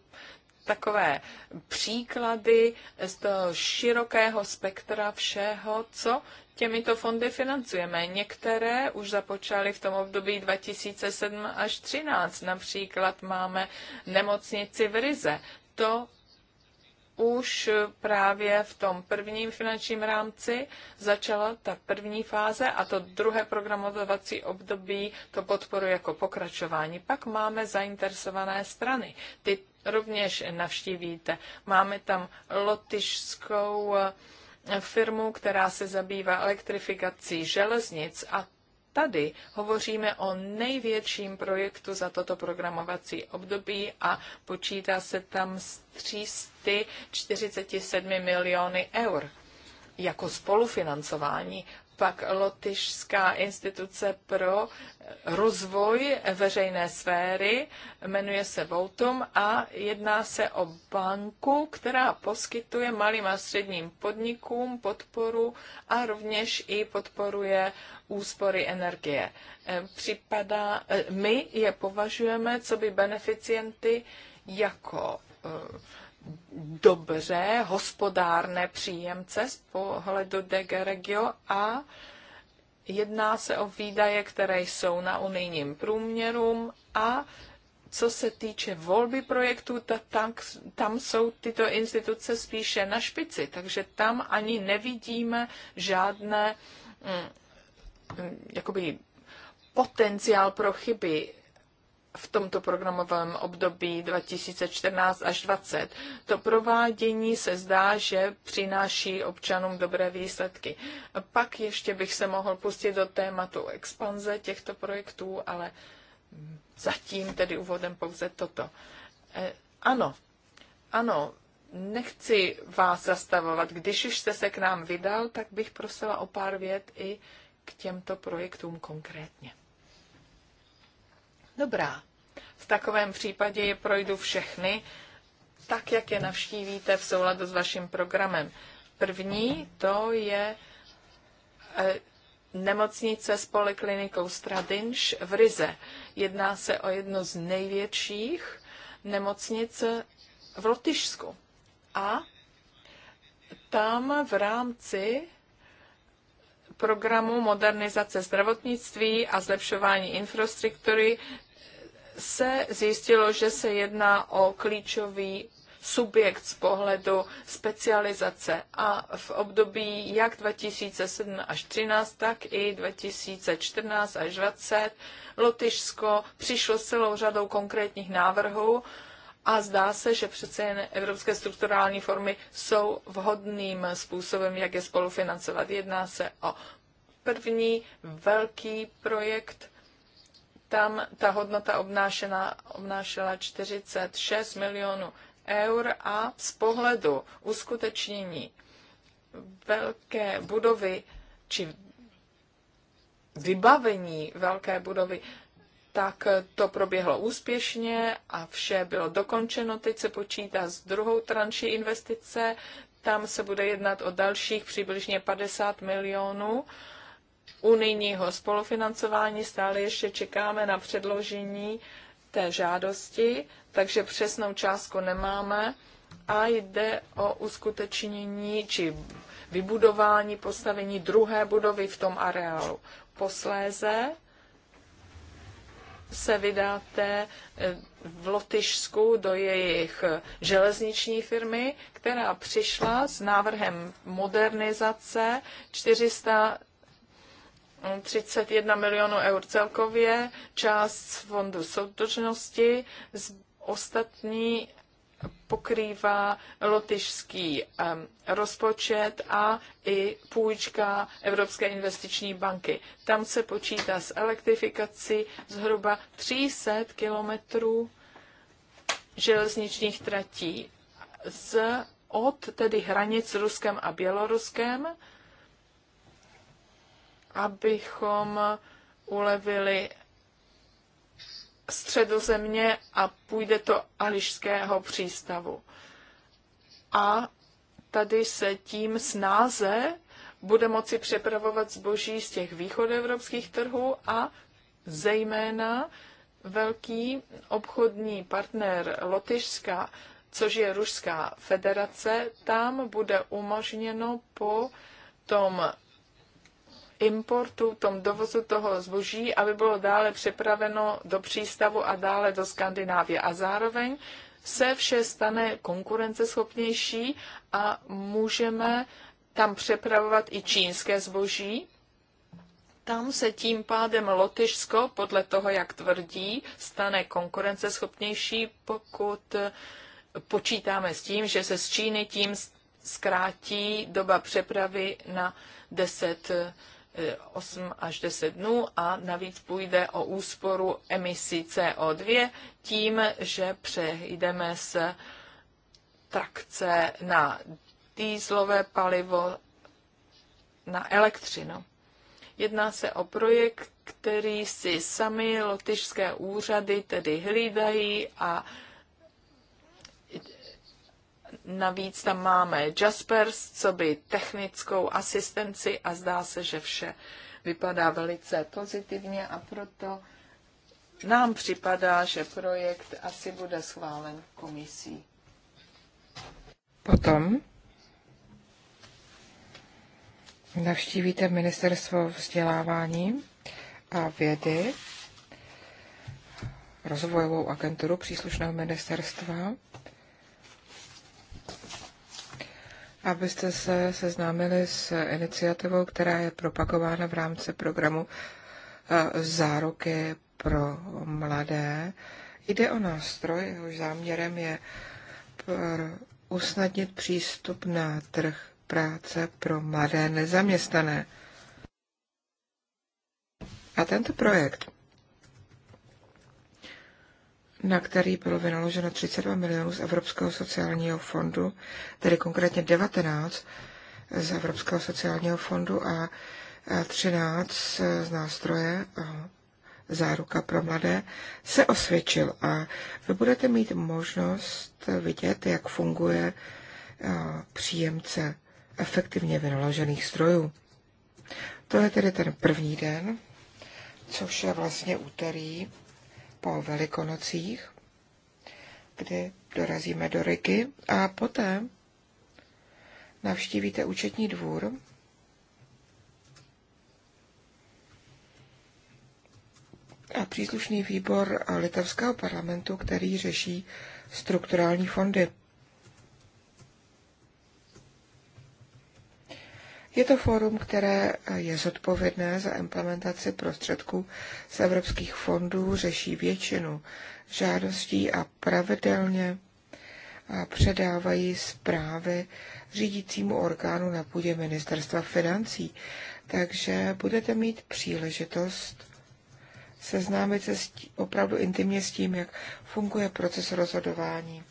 takové příklady z toho širokého spektra všeho, co těmito fondy financujeme. Některé už započaly v tom období 2007 až 2013. Například máme nemocnici v Rize. To už právě v tom prvním finančním rámci začala ta první fáze a to druhé programovací období to podporuje jako pokračování. Pak máme zainteresované strany. Ty rovněž navštívíte. Máme tam lotyšskou eh, firmu, která se zabývá elektrifikací železnic a tady hovoříme o největším projektu za toto programovací období a počítá se tam s 347 miliony eur jako spolufinancování pak Lotyšská instituce pro rozvoj veřejné sféry, jmenuje se Voutum a jedná se o banku, která poskytuje malým a středním podnikům podporu a rovněž i podporuje úspory energie. E, připadá, e, my je považujeme, co by beneficienty jako e, dobře hospodárné příjemce z pohledu DG Regio a jedná se o výdaje, které jsou na unijním průměrům a co se týče volby projektů, ta tam, tam jsou tyto instituce spíše na špici, takže tam ani nevidíme žádné mm, jakoby potenciál pro chyby v tomto programovém období 2014 až 2020. To provádění se zdá, že přináší občanům dobré výsledky. Pak ještě bych se mohl pustit do tématu expanze těchto projektů, ale zatím tedy úvodem pouze toto. E, ano, ano, nechci vás zastavovat. Když už jste se k nám vydal, tak bych prosila o pár vět i k těmto projektům konkrétně. Dobrá. V takovém případě je projdu všechny, tak jak je navštívíte v souladu s vaším programem. První to je eh, nemocnice s poliklinikou Stradinš v Rize. Jedná se o jedno z největších nemocnic v Lotyšsku. A tam v rámci programu modernizace zdravotnictví a zlepšování infrastruktury se zjistilo, že se jedná o klíčový subjekt z pohledu specializace a v období jak 2007 až 2013, tak i 2014 až 2020 Lotyšsko přišlo s celou řadou konkrétních návrhů, a zdá se, že přece jen evropské strukturální formy jsou vhodným způsobem, jak je spolufinancovat. Jedná se o první velký projekt. Tam ta hodnota obnášena, obnášela 46 milionů eur a z pohledu uskutečnění velké budovy či vybavení velké budovy tak to proběhlo úspěšně a vše bylo dokončeno. Teď se počítá s druhou tranší investice. Tam se bude jednat o dalších přibližně 50 milionů unijního spolufinancování. Stále ještě čekáme na předložení té žádosti, takže přesnou částku nemáme a jde o uskutečnění či vybudování, postavení druhé budovy v tom areálu. Posléze se vydáte eh, v Lotyšsku do jejich eh, železniční firmy, která přišla s návrhem modernizace 400 31 eh, milionů eur celkově, část z Fondu soudržnosti, z ostatní pokrývá lotyšský rozpočet a i půjčka Evropské investiční banky. Tam se počítá s elektrifikací zhruba 300 kilometrů železničních tratí z, od tedy hranic s Ruskem a Běloruskem, abychom ulevili středozemě a půjde to Ališského přístavu. A tady se tím snáze bude moci přepravovat zboží z těch východoevropských trhů a zejména velký obchodní partner Lotyšska, což je Ruská federace, tam bude umožněno po tom importu, tom dovozu toho zboží, aby bylo dále přepraveno do přístavu a dále do Skandinávie. A zároveň se vše stane konkurenceschopnější a můžeme tam přepravovat i čínské zboží. Tam se tím pádem Lotyšsko, podle toho, jak tvrdí, stane konkurenceschopnější, pokud počítáme s tím, že se z Číny tím zkrátí doba přepravy na 10 8 až 10 dnů a navíc půjde o úsporu emisí CO2 tím, že přejdeme z trakce na dýzlové palivo na elektřinu. Jedná se o projekt, který si sami lotyšské úřady tedy hlídají a Navíc tam máme Jaspers, co by technickou asistenci a zdá se, že vše vypadá velice pozitivně a proto nám připadá, že projekt asi bude schválen komisí. Potom navštívíte ministerstvo vzdělávání a vědy, rozvojovou agenturu příslušného ministerstva abyste se seznámili s iniciativou, která je propagována v rámci programu e, Záruky pro mladé. Jde o nástroj, jehož záměrem je usnadnit přístup na trh práce pro mladé nezaměstnané. A tento projekt na který bylo vynaloženo 32 milionů z Evropského sociálního fondu, tedy konkrétně 19 z Evropského sociálního fondu a 13 z nástroje záruka pro mladé, se osvědčil a vy budete mít možnost vidět, jak funguje příjemce efektivně vynaložených strojů. To je tedy ten první den, což je vlastně úterý po Velikonocích, kdy dorazíme do Rigi a poté navštívíte účetní dvůr. A příslušný výbor litevského parlamentu, který řeší strukturální fondy. Je to fórum, které eh, je zodpovědné za implementaci prostředků z evropských fondů, řeší většinu žádostí a pravidelně eh, předávají zprávy řídícímu orgánu na půdě ministerstva financí. Takže budete mít příležitost seznámit se opravdu intimně s tím, jak funguje proces rozhodování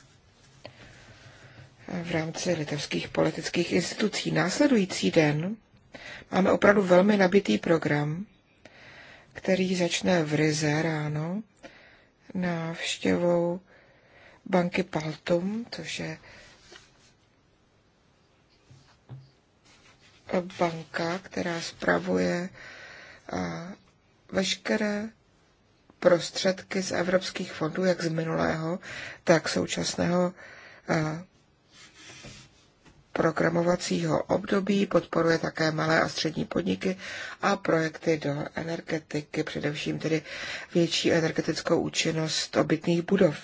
v rámci litevských politických institucí. Následující den máme opravdu velmi nabitý program, který začne v Rize ráno návštěvou banky Paltum, což je banka, která spravuje veškeré prostředky z evropských fondů, jak z minulého, tak současného programovacího období, podporuje také malé a střední podniky a projekty do energetiky, především tedy větší energetickou účinnost obytných budov.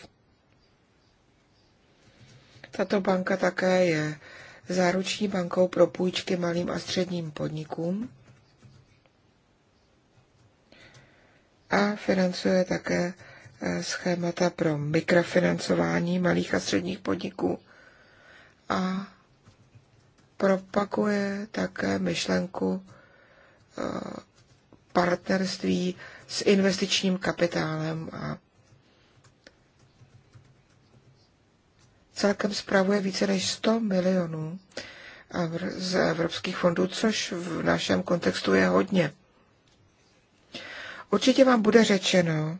Tato banka také je záruční bankou pro půjčky malým a středním podnikům a financuje také eh, schémata pro mikrofinancování malých a středních podniků a propaguje také myšlenku eh, partnerství s investičním kapitálem a celkem spravuje více než 100 milionů z evropských fondů, což v našem kontextu je hodně. Určitě vám bude řečeno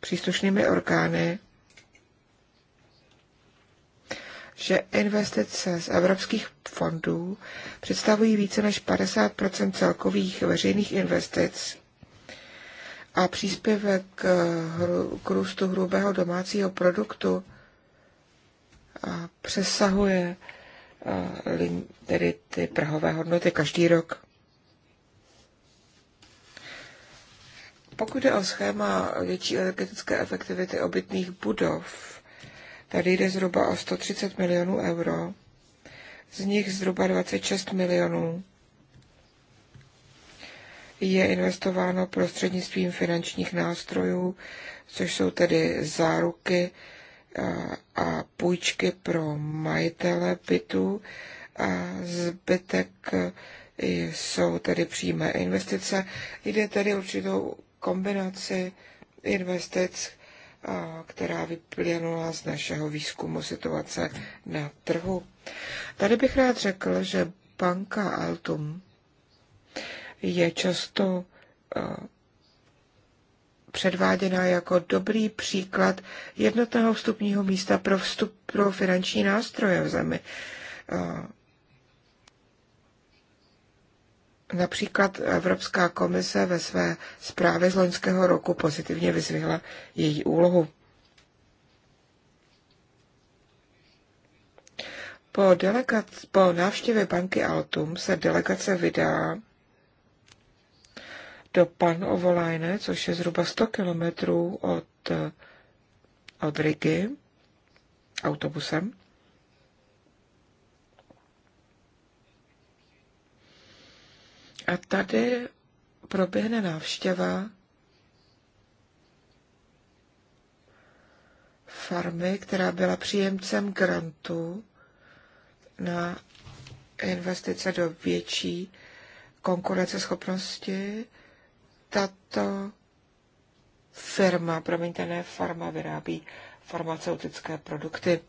příslušnými orgány, že investice z evropských fondů představují více než 50 celkových veřejných investic a příspěvek k růstu hrubého domácího produktu přesahuje tedy ty prahové hodnoty každý rok. Pokud jde o schéma větší energetické efektivity obytných budov, Tady jde zhruba o 130 milionů euro, z nich zhruba 26 milionů je investováno prostřednictvím finančních nástrojů, což jsou tedy záruky eh, a půjčky pro majitele bytu a zbytek eh, jsou tedy přímé investice. Jde tedy určitou kombinaci investic, která vyplynula z našeho výzkumu situace na trhu. Tady bych rád řekl, že banka Altum je často předváděna jako dobrý příklad jednotného vstupního místa pro, vstup, pro finanční nástroje v zemi. Například Evropská komise ve své zprávě z loňského roku pozitivně vyzvihla její úlohu. Po, delegac- po návštěvě banky Altum se delegace vydá do Ovolajne, což je zhruba 100 kilometrů od, od Rigi autobusem. A tady proběhne návštěva farmy, která byla příjemcem grantu na investice do větší konkurenceschopnosti. Tato firma, promiňte, ne farma, vyrábí farmaceutické produkty.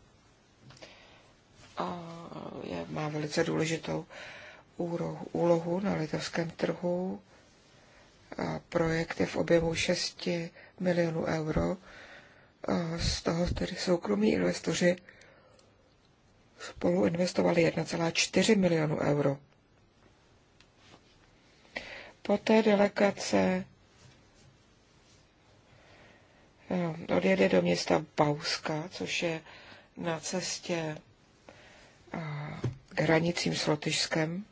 A je, má velice důležitou úlohu na litovském trhu. Projekt je v objemu 6 milionů euro. Z toho tedy soukromí investoři spolu investovali 1,4 milionu euro. Poté delegace eh, odjede do města Bauska, což je na cestě k eh, hranicím s Lotyšskem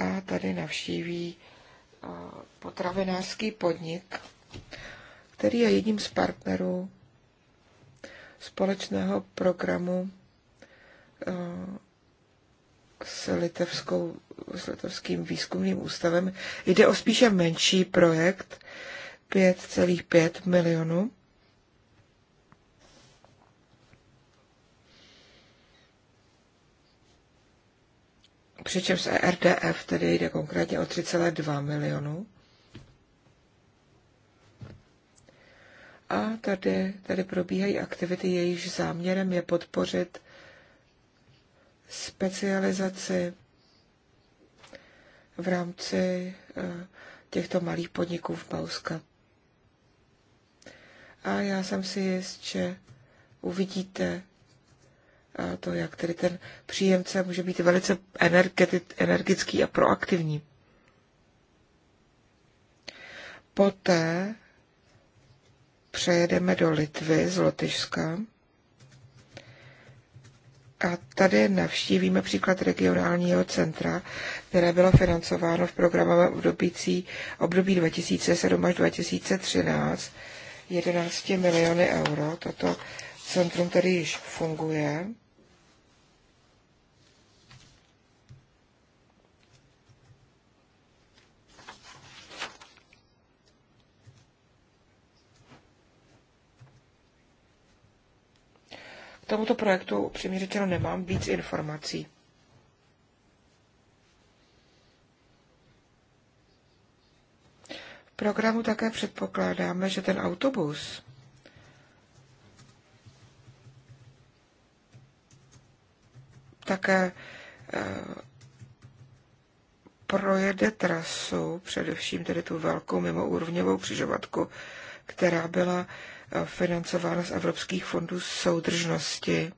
a tady navštíví potravinářský podnik, který je jedním z partnerů společného programu s, litevskou, s litevským výzkumným ústavem. Jde o spíše menší projekt, 5,5 milionů. přičemž ERDF tedy jde konkrétně o 3,2 milionu. A tady, tady probíhají aktivity, jejichž záměrem je podpořit specializaci v rámci eh, těchto malých podniků v Bauska. A já jsem si jist, že uvidíte to, jak tedy ten příjemce může být velice energický a proaktivní. Poté přejedeme do Litvy z Lotyšska a tady navštívíme příklad regionálního centra, které bylo financováno v programovém období, období 2007 až 2013 11 miliony euro. Toto centrum, který již funguje. K tomuto projektu upřímně řečeno nemám víc informací. programu také předpokládáme, že ten autobus, také eh, projede trasu, především tedy tu velkou mimoúrovňovou křižovatku, která byla eh, financována z evropských fondů soudržnosti.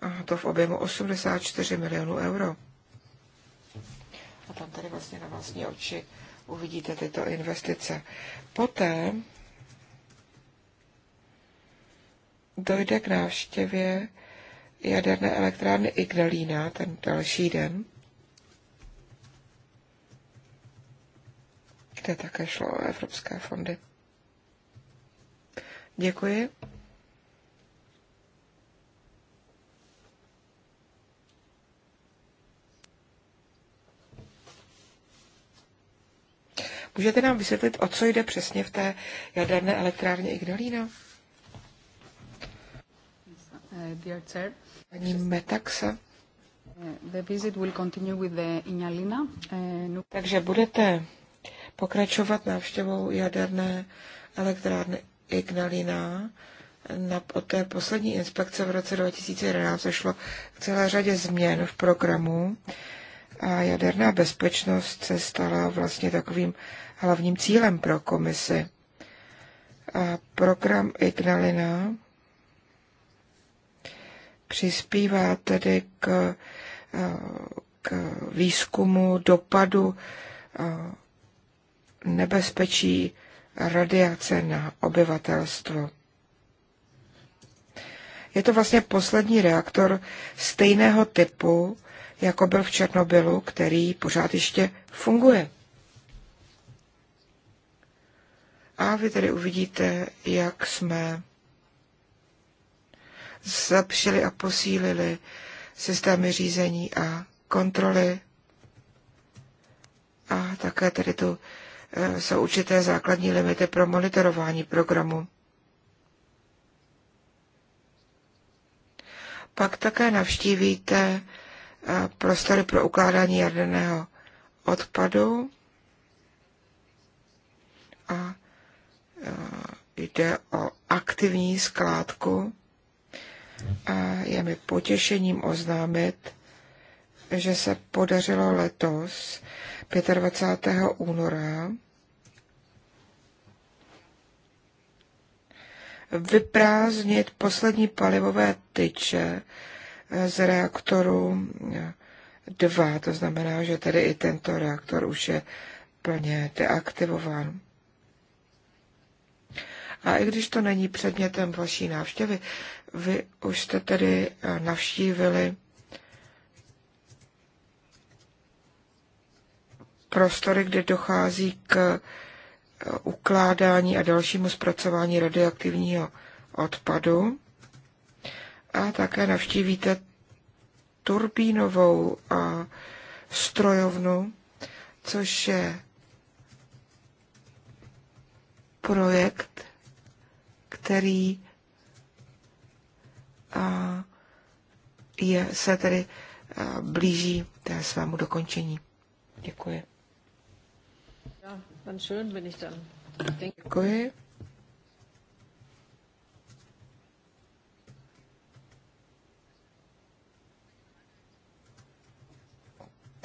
A to v objemu 84 milionů euro. A tam tady vlastně na vlastní oči uvidíte tyto investice. Poté dojde k návštěvě jaderné elektrárny Ignalína ten další den, kde také šlo o evropské fondy. Děkuji. Můžete nám vysvětlit, o co jde přesně v té jaderné elektrárně Ignalína? Dear chair, Paní Metaxa. The visit will continue with the Ignalina. Eh, Takže budete pokračovat návštěvou jaderné elektrárny Ignalina. Na, od té poslední inspekce v roce 2011 došlo k celé řadě změn v programu a jaderná bezpečnost se stala vlastně takovým hlavním cílem pro komisi. A program Ignalina přispívá tedy k, k výzkumu dopadu eh, nebezpečí radiace na obyvatelstvo. Je to vlastně poslední reaktor stejného typu, jako byl v Černobylu, který pořád ještě funguje. A vy tedy uvidíte, jak jsme zlepšili a posílili systémy řízení a kontroly a také tedy tu e, jsou určité základní limity pro monitorování programu. Pak také navštívíte e, prostory pro ukládání jaderného odpadu a e, jde o aktivní skládku a je mi potěšením oznámit, že se podařilo letos 25. února vyprázdnit poslední palivové tyče z reaktoru 2. To znamená, že tedy i tento reaktor už je plně deaktivován. A i když to není předmětem vaší návštěvy, vy už jste tedy eh, navštívili prostory, kde dochází k eh, ukládání a dalšímu zpracování radioaktivního odpadu. A také navštívíte turbínovou a eh, strojovnu, což je projekt, který je, se tedy eh, blíží té svému dokončení. Děkuji. Děkuji.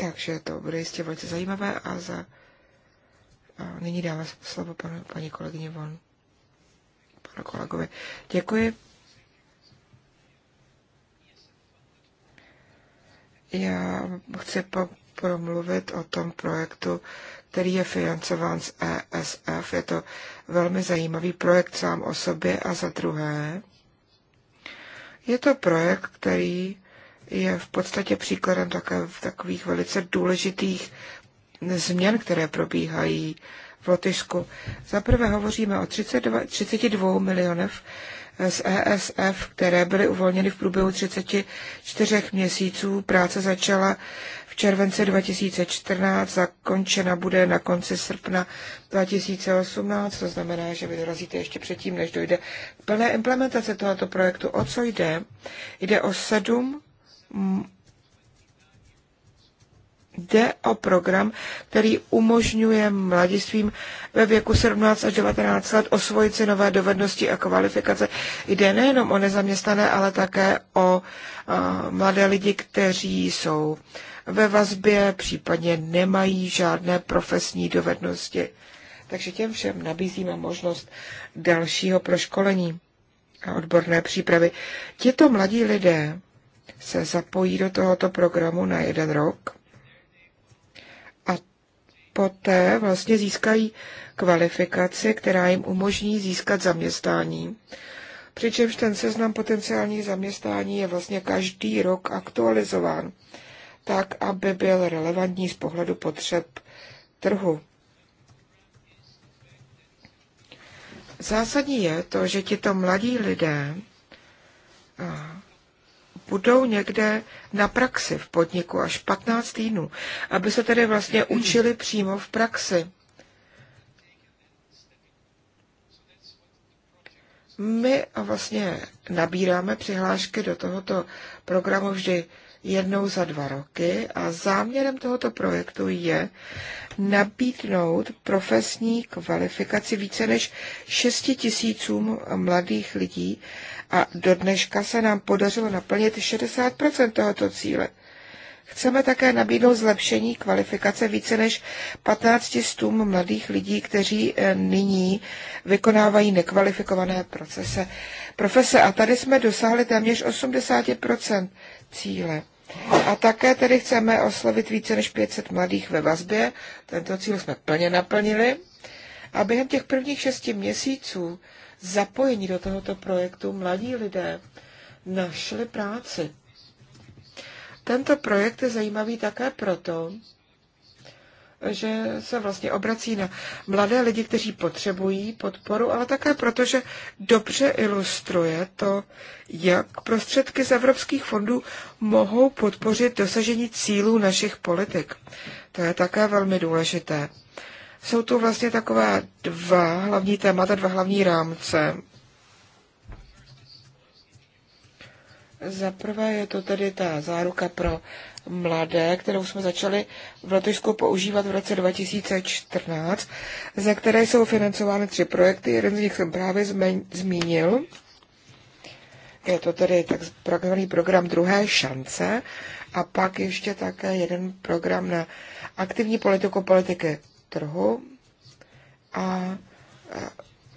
Takže to bude jistě velice zajímavé a za... A nyní dáme slovo panu, paní kolegyně Von, panu kolegovi. Děkuji. Já chci promluvit o tom projektu, který je financován z ESF. Je to velmi zajímavý projekt sám o sobě a za druhé. Je to projekt, který je v podstatě příkladem také v takových velice důležitých změn, které probíhají v Lotyšku. Za prvé hovoříme o 32, 32 milionech z ESF, které byly uvolněny v průběhu 34 měsíců. Práce začala v červenci 2014, zakončena bude na konci srpna 2018, to znamená, že vy dorazíte ještě předtím, než dojde k plné implementaci tohoto projektu. O co jde? Jde o sedm Jde o program, který umožňuje mladistvím ve věku 17 až 19 let osvojit si nové dovednosti a kvalifikace. Jde nejenom o nezaměstnané, ale také o mladé lidi, kteří jsou ve vazbě, případně nemají žádné profesní dovednosti. Takže těm všem nabízíme možnost dalšího proškolení a odborné přípravy. Tito mladí lidé se zapojí do tohoto programu na jeden rok poté vlastně získají kvalifikaci, která jim umožní získat zaměstnání. Přičemž ten seznam potenciálních zaměstnání je vlastně každý rok aktualizován, tak, aby byl relevantní z pohledu potřeb trhu. Zásadní je to, že tito mladí lidé budou někde na praxi v podniku až 15 týdnů, aby se tedy vlastně hmm. učili přímo v praxi. My vlastně nabíráme přihlášky do tohoto programu vždy jednou za dva roky a záměrem tohoto projektu je nabídnout profesní kvalifikaci více než 6 tisícům mladých lidí a do dneška se nám podařilo naplnit 60 tohoto cíle. Chceme také nabídnout zlepšení kvalifikace více než 15 stům mladých lidí, kteří eh, nyní vykonávají nekvalifikované procese. profese. A tady jsme dosáhli téměř 80 cíle. A také tedy chceme oslovit více než 500 mladých ve vazbě. Tento cíl jsme plně naplnili. A během těch prvních šesti měsíců zapojení do tohoto projektu mladí lidé našli práci. Tento projekt je zajímavý také proto, že se vlastně obrací na mladé lidi, kteří potřebují podporu, ale také proto, že dobře ilustruje to, jak prostředky z evropských fondů mohou podpořit dosažení cílů našich politik. To je také velmi důležité. Jsou tu vlastně taková dva hlavní témata, dva hlavní rámce. Za prvé je to tedy ta záruka pro mladé, kterou jsme začali v Lotyšsku používat v roce 2014, ze které jsou financovány tři projekty. Jeden z nich jsem právě zmínil. Je to tedy takzvaný program druhé šance a pak ještě také jeden program na aktivní politiku politiky trhu a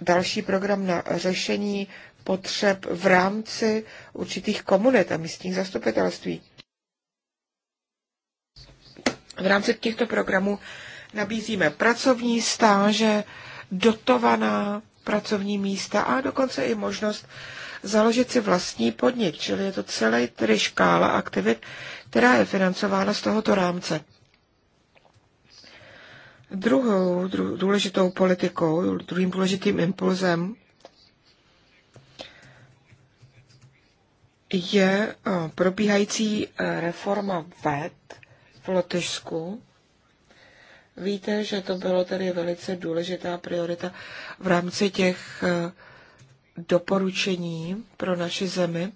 další program na řešení potřeb v rámci určitých komunit a místních zastupitelství. V rámci těchto programů nabízíme pracovní stáže, dotovaná pracovní místa a dokonce i možnost založit si vlastní podnik, čili je to celý tedy škála aktivit, která je financována z tohoto rámce. Druhou důležitou politikou, druhým důležitým impulzem je eh, probíhající eh, reforma VED v Lotyšsku. Víte, že to bylo tedy velice důležitá priorita v rámci těch eh, doporučení pro naši zemi.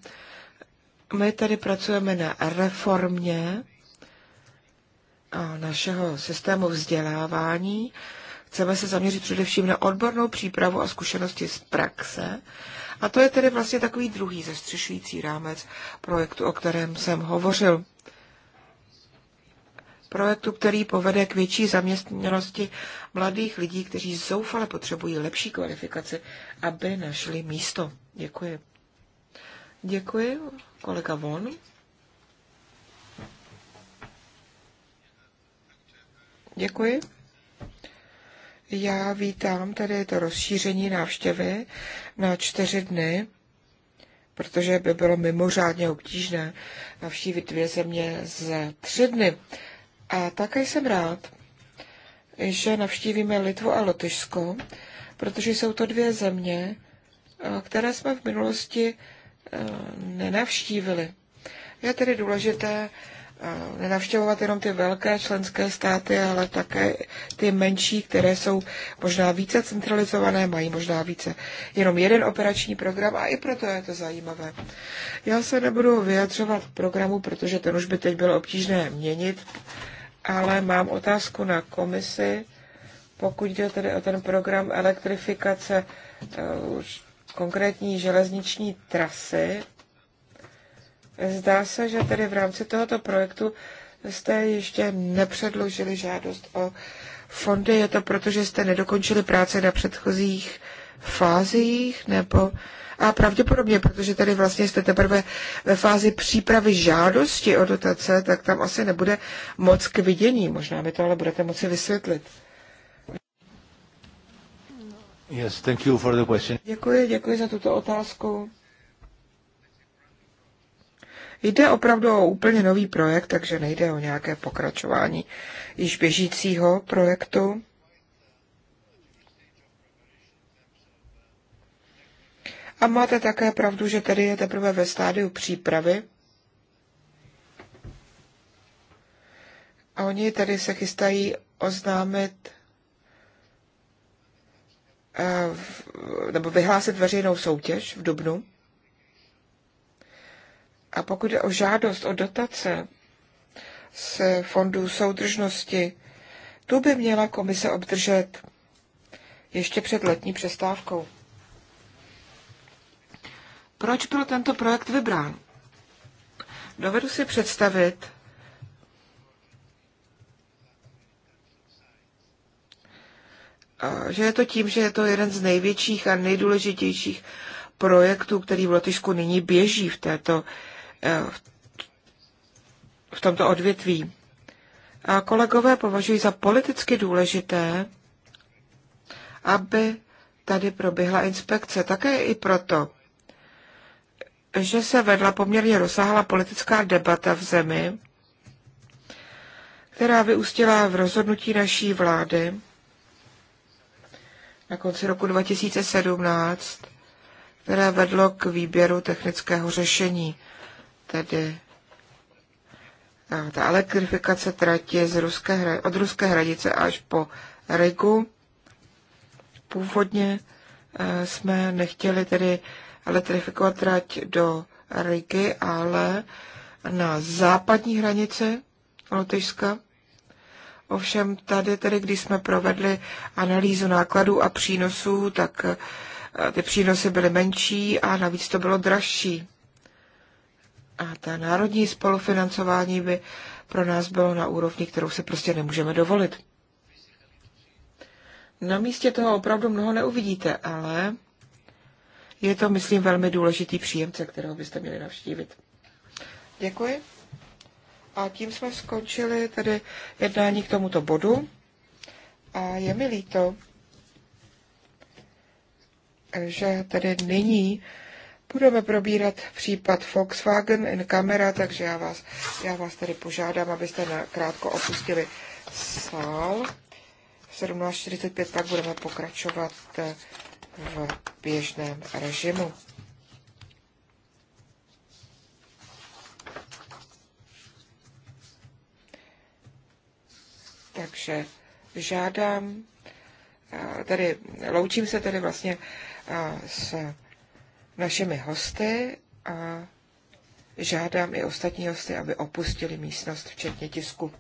My tady pracujeme na reformě našeho systému vzdělávání. Chceme se zaměřit především na odbornou přípravu a zkušenosti z praxe. A to je tedy vlastně takový druhý zastřešující rámec projektu, o kterém jsem hovořil. Projektu, který povede k větší zaměstnanosti mladých lidí, kteří zoufale potřebují lepší kvalifikaci, aby našli místo. Děkuji. Děkuji, kolega Von. Děkuji. Já vítám tedy to rozšíření návštěvy na čtyři dny, protože by bylo mimořádně obtížné navštívit dvě země ze tři dny. A také jsem rád, že navštívíme Litvu a Lotyšsko, protože jsou to dvě země, eh, které jsme v minulosti eh, nenavštívili. Je tedy důležité Eh, nenavštěvovat jenom ty velké členské státy, ale také ty menší, které jsou možná více centralizované, mají možná více jenom jeden operační program a i proto je to zajímavé. Já se nebudu vyjadřovat k programu, protože ten už by teď bylo obtížné měnit, ale mám otázku na komisi, pokud jde tedy o ten program elektrifikace eh, konkrétní železniční trasy, Zdá se, že tedy v rámci tohoto projektu jste ještě nepředložili žádost o fondy. Je to proto, že jste nedokončili práce na předchozích fázích nebo a pravděpodobně, protože tady vlastně jste teprve ve fázi přípravy žádosti o dotace, tak tam asi nebude moc k vidění. Možná mi to ale budete moci vysvětlit. Yes, thank you for the question. Děkuji, děkuji za tuto otázku. Jde opravdu o úplně nový projekt, takže nejde o nějaké pokračování již běžícího projektu. A máte také pravdu, že tady je teprve ve stádiu přípravy. A oni tady se chystají oznámit eh, nebo vyhlásit veřejnou soutěž v Dubnu. A pokud je o žádost o dotace z fondů soudržnosti, tu by měla komise obdržet ještě před letní přestávkou. Proč byl tento projekt vybrán? Dovedu si představit, že je to tím, že je to jeden z největších a nejdůležitějších projektů, který v Lotyšku nyní běží v této Eh, v tomto odvětví. A kolegové považují za politicky důležité, aby tady proběhla inspekce. Také i proto, že se vedla poměrně rozsáhlá politická debata v zemi, která vyústila v rozhodnutí naší vlády na konci roku 2017, které vedlo k výběru technického řešení tedy ta elektrifikace trati z ruské, od ruské hranice až po Rigu. Původně eh, jsme nechtěli tedy elektrifikovat trať do Rigy, ale na západní hranici Lotyšska. Ovšem tady, tedy, když jsme provedli analýzu nákladů a přínosů, tak eh, ty přínosy byly menší a navíc to bylo dražší. A ta národní spolufinancování by pro nás bylo na úrovni, kterou se prostě nemůžeme dovolit. Na místě toho opravdu mnoho neuvidíte, ale je to, myslím, velmi důležitý příjemce, kterého byste měli navštívit. Děkuji. A tím jsme skončili tedy jednání k tomuto bodu. A je mi líto, že tedy nyní Budeme probírat případ Volkswagen in kamera, takže já vás, já vás tady požádám, abyste na krátko opustili sál. V 17.45 pak budeme pokračovat eh, v běžném režimu. Takže žádám, eh, tady loučím se tedy vlastně eh, s našimi hosty a žádám i ostatní hosty, aby opustili místnost, včetně tisku.